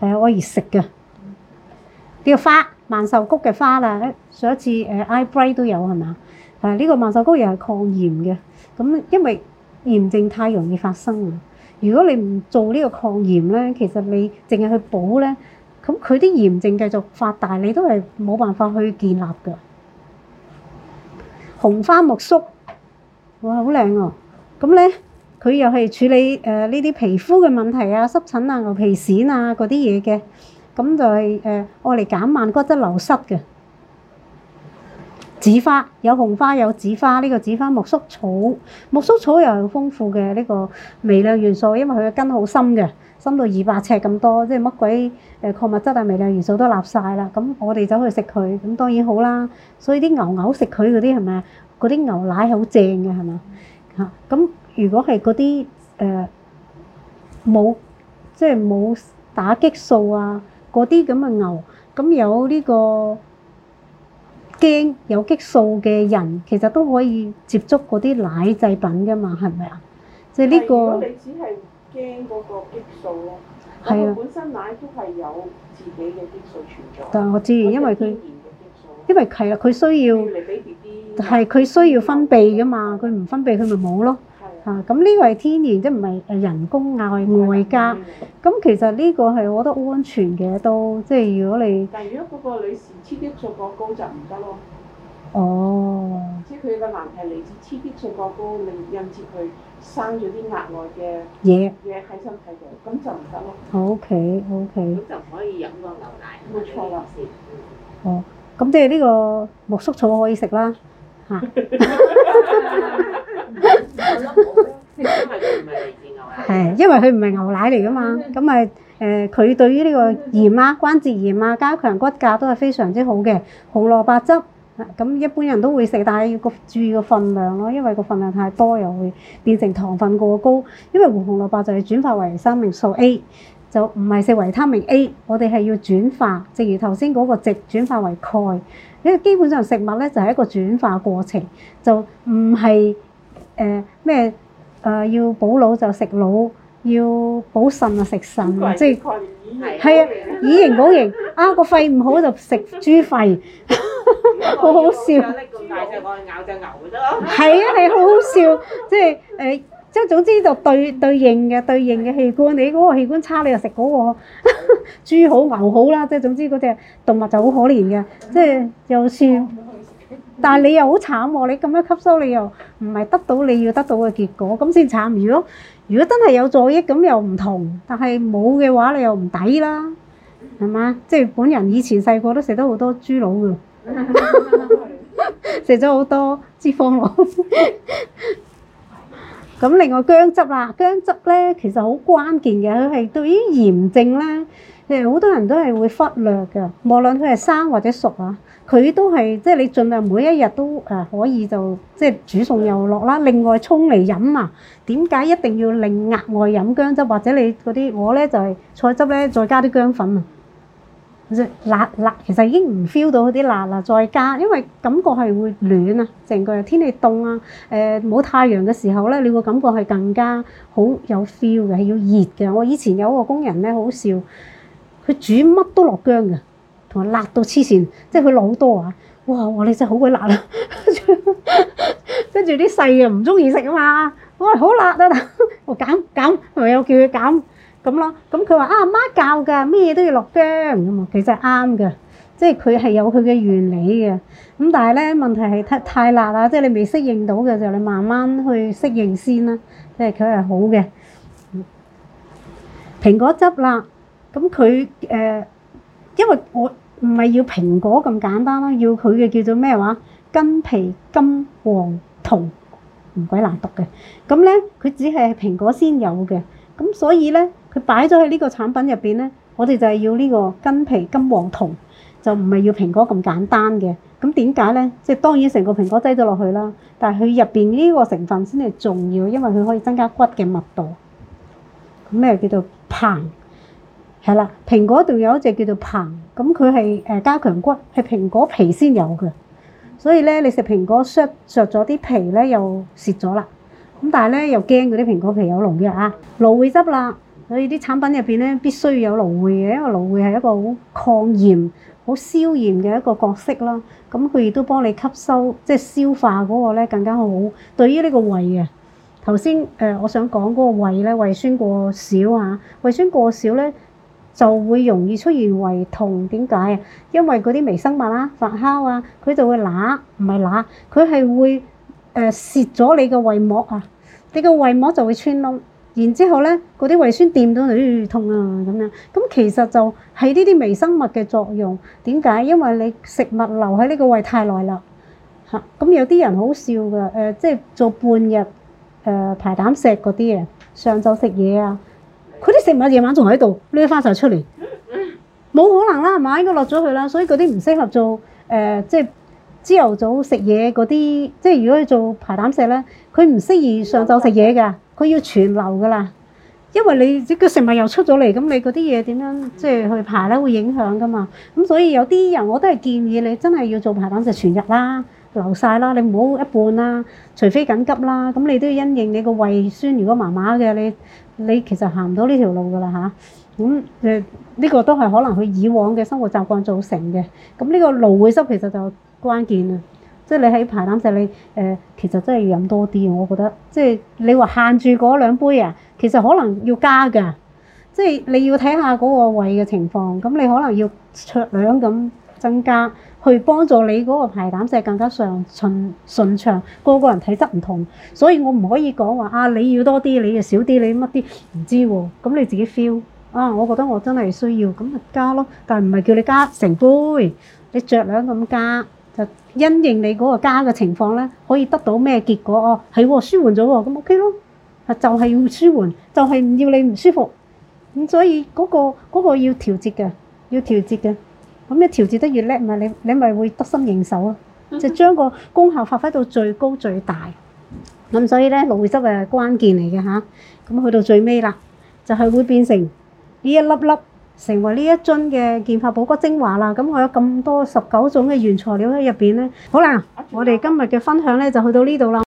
係愛嚟食嘅。呢個花萬壽菊嘅花啦，上一次誒 ibra 都有係嘛？但係呢個萬壽菊又係抗炎嘅。咁因為炎症太容易發生啦，如果你唔做呢個抗炎咧，其實你淨係去補咧，咁佢啲炎症繼續發大，你都係冇辦法去建立㗎。紅花木蓿，哇，好靚哦！咁咧。佢又係處理誒呢啲皮膚嘅問題啊、濕疹啊、牛皮癬啊嗰啲嘢嘅，咁就係誒愛嚟減慢骨質流失嘅。紫花有紅花有紫花，呢個紫花苜蓿草，苜蓿草又係豐富嘅呢個微量元素，因為佢嘅根好深嘅，深到二百尺咁多，即係乜鬼誒礦物質啊、微量元素都納曬啦。咁我哋走去食佢，咁當然好啦。所以啲牛牛食佢嗰啲係咪啊？嗰啲牛奶好正嘅係嘛？嚇咁。如果係嗰啲誒冇即係冇打激素啊嗰啲咁嘅牛，咁有呢個驚有激素嘅人，其實都可以接觸嗰啲奶製品㗎嘛，係咪啊？即係呢個。如果你只係驚嗰個激素咧，係啊，本身奶都係有自己嘅激素存在。但係我知然因為，因為佢因為係啦，佢需要係佢需要分泌㗎嘛，佢唔分泌佢咪冇咯。啊，咁呢個係天然啫，唔係誒人工啊，係外加。咁其實呢個係我覺得安全嘅，都即係如果你但係如果嗰個女士雌激素過高就唔得咯。哦。即係佢個難題嚟自雌激素過高，令因此佢生咗啲額外嘅嘢嘢喺身體度，咁就唔得咯。OK，OK。咁就唔可以飲個牛奶，冇錯啦。哦，咁即係呢個苜蓿草可以食啦。嚇！係，因為佢唔係牛奶嚟噶嘛，咁咪誒佢對於呢個鹽啊、關節炎啊、加強骨架都係非常之好嘅。紅蘿蔔汁，咁一般人都會食，但係要個注意個分量咯，因為個分量太多又會變成糖分過高。因為紅蘿蔔就係轉化為維生素 A，就唔係食維他命 A。我哋係要轉化，正如頭先嗰個植轉化為鈣。因為基本上食物咧就係一個轉化過程，就唔係。誒咩？誒要補腦就食腦，要補腎啊食腎，即係係啊，以形補形。形 *laughs* 啊個肺唔好就食豬肺， *laughs* 好好笑。大隻我咬隻牛啫。係 *laughs* 啊係好好笑，即係誒，即、呃、係總之就對對應嘅對應嘅器官，你嗰個器官差你就食嗰、嗰個 *laughs* 豬好牛好啦，即係總之嗰隻動物就好可憐嘅，即係又算。但係你又好慘喎！你咁樣吸收，你又唔係得到你要得到嘅結果，咁先慘。如果如果真係有助益，咁又唔同。但係冇嘅話，你又唔抵啦，係嘛？即係本人以前細個都食得好多豬腦㗎，食咗好多脂肪佬。咁另外薑汁啦，薑汁咧其實好關鍵嘅，佢係對於炎症啦，誒其實好多人都係會忽略嘅，無論佢係生或者熟啊。佢都係即係你盡量每一日都誒可以就即係、就是、煮餸又落啦，另外沖嚟飲啊？點解一定要另額外飲薑汁或者你嗰啲？我咧就係、是、菜汁咧再加啲薑粉啊，辣辣其實已經唔 feel 到嗰啲辣啦，再加因為感覺係會暖啊，成個日天氣凍啊，誒、呃、冇太陽嘅時候咧，你會感覺係更加好有 feel 嘅，係要熱嘅。我以前有個工人咧好笑，佢煮乜都落薑㗎。同埋辣到黐線，即係佢老多啊！哇！哇你真係好鬼辣啦，跟住啲細嘅唔中意食啊嘛！我話好辣啊，我減減，係咪？我叫佢減咁咯。咁佢話啊，阿媽教㗎，咩嘢都要落薑咁啊。其實啱㗎，即係佢係有佢嘅原理嘅。咁但係咧問題係太太辣啊！即係你未適應到嘅時候，你慢慢去適應先啦。即係佢係好嘅。蘋果汁啦，咁佢誒。因為我唔係要蘋果咁簡單啦，要佢嘅叫做咩話？根皮金黃酮，唔鬼難讀嘅。咁咧，佢只係蘋果先有嘅。咁所以呢，佢擺咗喺呢個產品入面呢，我哋就係要呢個根皮金黃酮，就唔係要蘋果咁簡單嘅。咁點解咧？即係當然成個蘋果擠咗落去啦，但係佢入面呢個成分先係重要，因為佢可以增加骨嘅密度。咁咩叫做「膨」？係啦，蘋果度有一隻叫做硼，咁佢係誒加強骨，係蘋果皮先有嘅。所以咧，你食蘋果削削咗啲皮咧，又蝕咗啦。咁但係咧，又驚嗰啲蘋果皮有農嘅，啊。蘆薈汁啦，所以啲產品入邊咧必須要有蘆薈嘅，因為蘆薈係一個好抗炎、好消炎嘅一個角色啦。咁佢亦都幫你吸收，即係消化嗰個咧更加好。對於呢個胃啊，頭先誒，我想講嗰個胃咧，胃酸過少啊，胃酸過少咧。就會容易出現胃痛，點解啊？因為嗰啲微生物啦、啊、發酵啊，佢就會乸、呃，唔係乸，佢係會誒蝕咗你個胃膜啊，你個胃膜就會穿窿，然之後咧嗰啲胃酸掂到，你痛啊咁樣。咁其實就係呢啲微生物嘅作用，點解？因為你食物留喺呢個胃太耐啦，嚇、啊。咁有啲人好笑㗎，誒、呃、即係做半日誒、呃、排膽石嗰啲啊，上晝食嘢啊。佢啲食物夜晚仲喺度，返晒出嚟，冇可能啦，係嘛？應該落咗去啦。所以嗰啲唔適合做誒、呃，即係朝頭早食嘢嗰啲，即係如果你做排膽石咧，佢唔適宜上晝食嘢嘅，佢要全流噶啦。因為你啲嘅食物又出咗嚟，咁你嗰啲嘢點樣即係去排咧？會影響噶嘛？咁所以有啲人我都係建議你，真係要做排膽石全日啦，流晒啦，你唔好一半啦，除非緊急啦。咁你都要因應你個胃酸，如果麻麻嘅你。你其實行唔到呢條路噶啦吓，咁誒呢個都係可能佢以往嘅生活習慣造成嘅。咁呢個蘆薈汁其、呃，其實就關鍵啦。即係你喺排膽石，你誒其實真係要飲多啲。我覺得，即係你話限住嗰兩杯啊，其實可能要加㗎。即係你要睇下嗰個胃嘅情況，咁你可能要酌量咁增加。去幫助你嗰個排膽石更加上順順暢。個個人體質唔同，所以我唔可以講話啊！你要多啲，你要少啲，你乜啲唔知喎。咁你自己 feel 啊！我覺得我真係需要，咁咪加咯。但係唔係叫你加成杯，你酌量咁加，就因應你嗰個加嘅情況咧，可以得到咩結果哦？啊，係喎，舒緩咗喎，咁 ok 咯。就係要舒緩，就係唔要你唔舒服。咁所以嗰個，嗰個要調節嘅，要調節嘅。咁你調節得越叻，咪你你咪會得心應手咯，就將個功效發揮到最高最大。咁所以咧，蘆薈汁係關鍵嚟嘅嚇。咁去到最尾啦，就係會變成呢一粒粒成為呢一樽嘅健髮保骨精華啦。咁我有咁多十九種嘅原材料喺入邊咧，好啦，我哋今日嘅分享咧就去到呢度啦。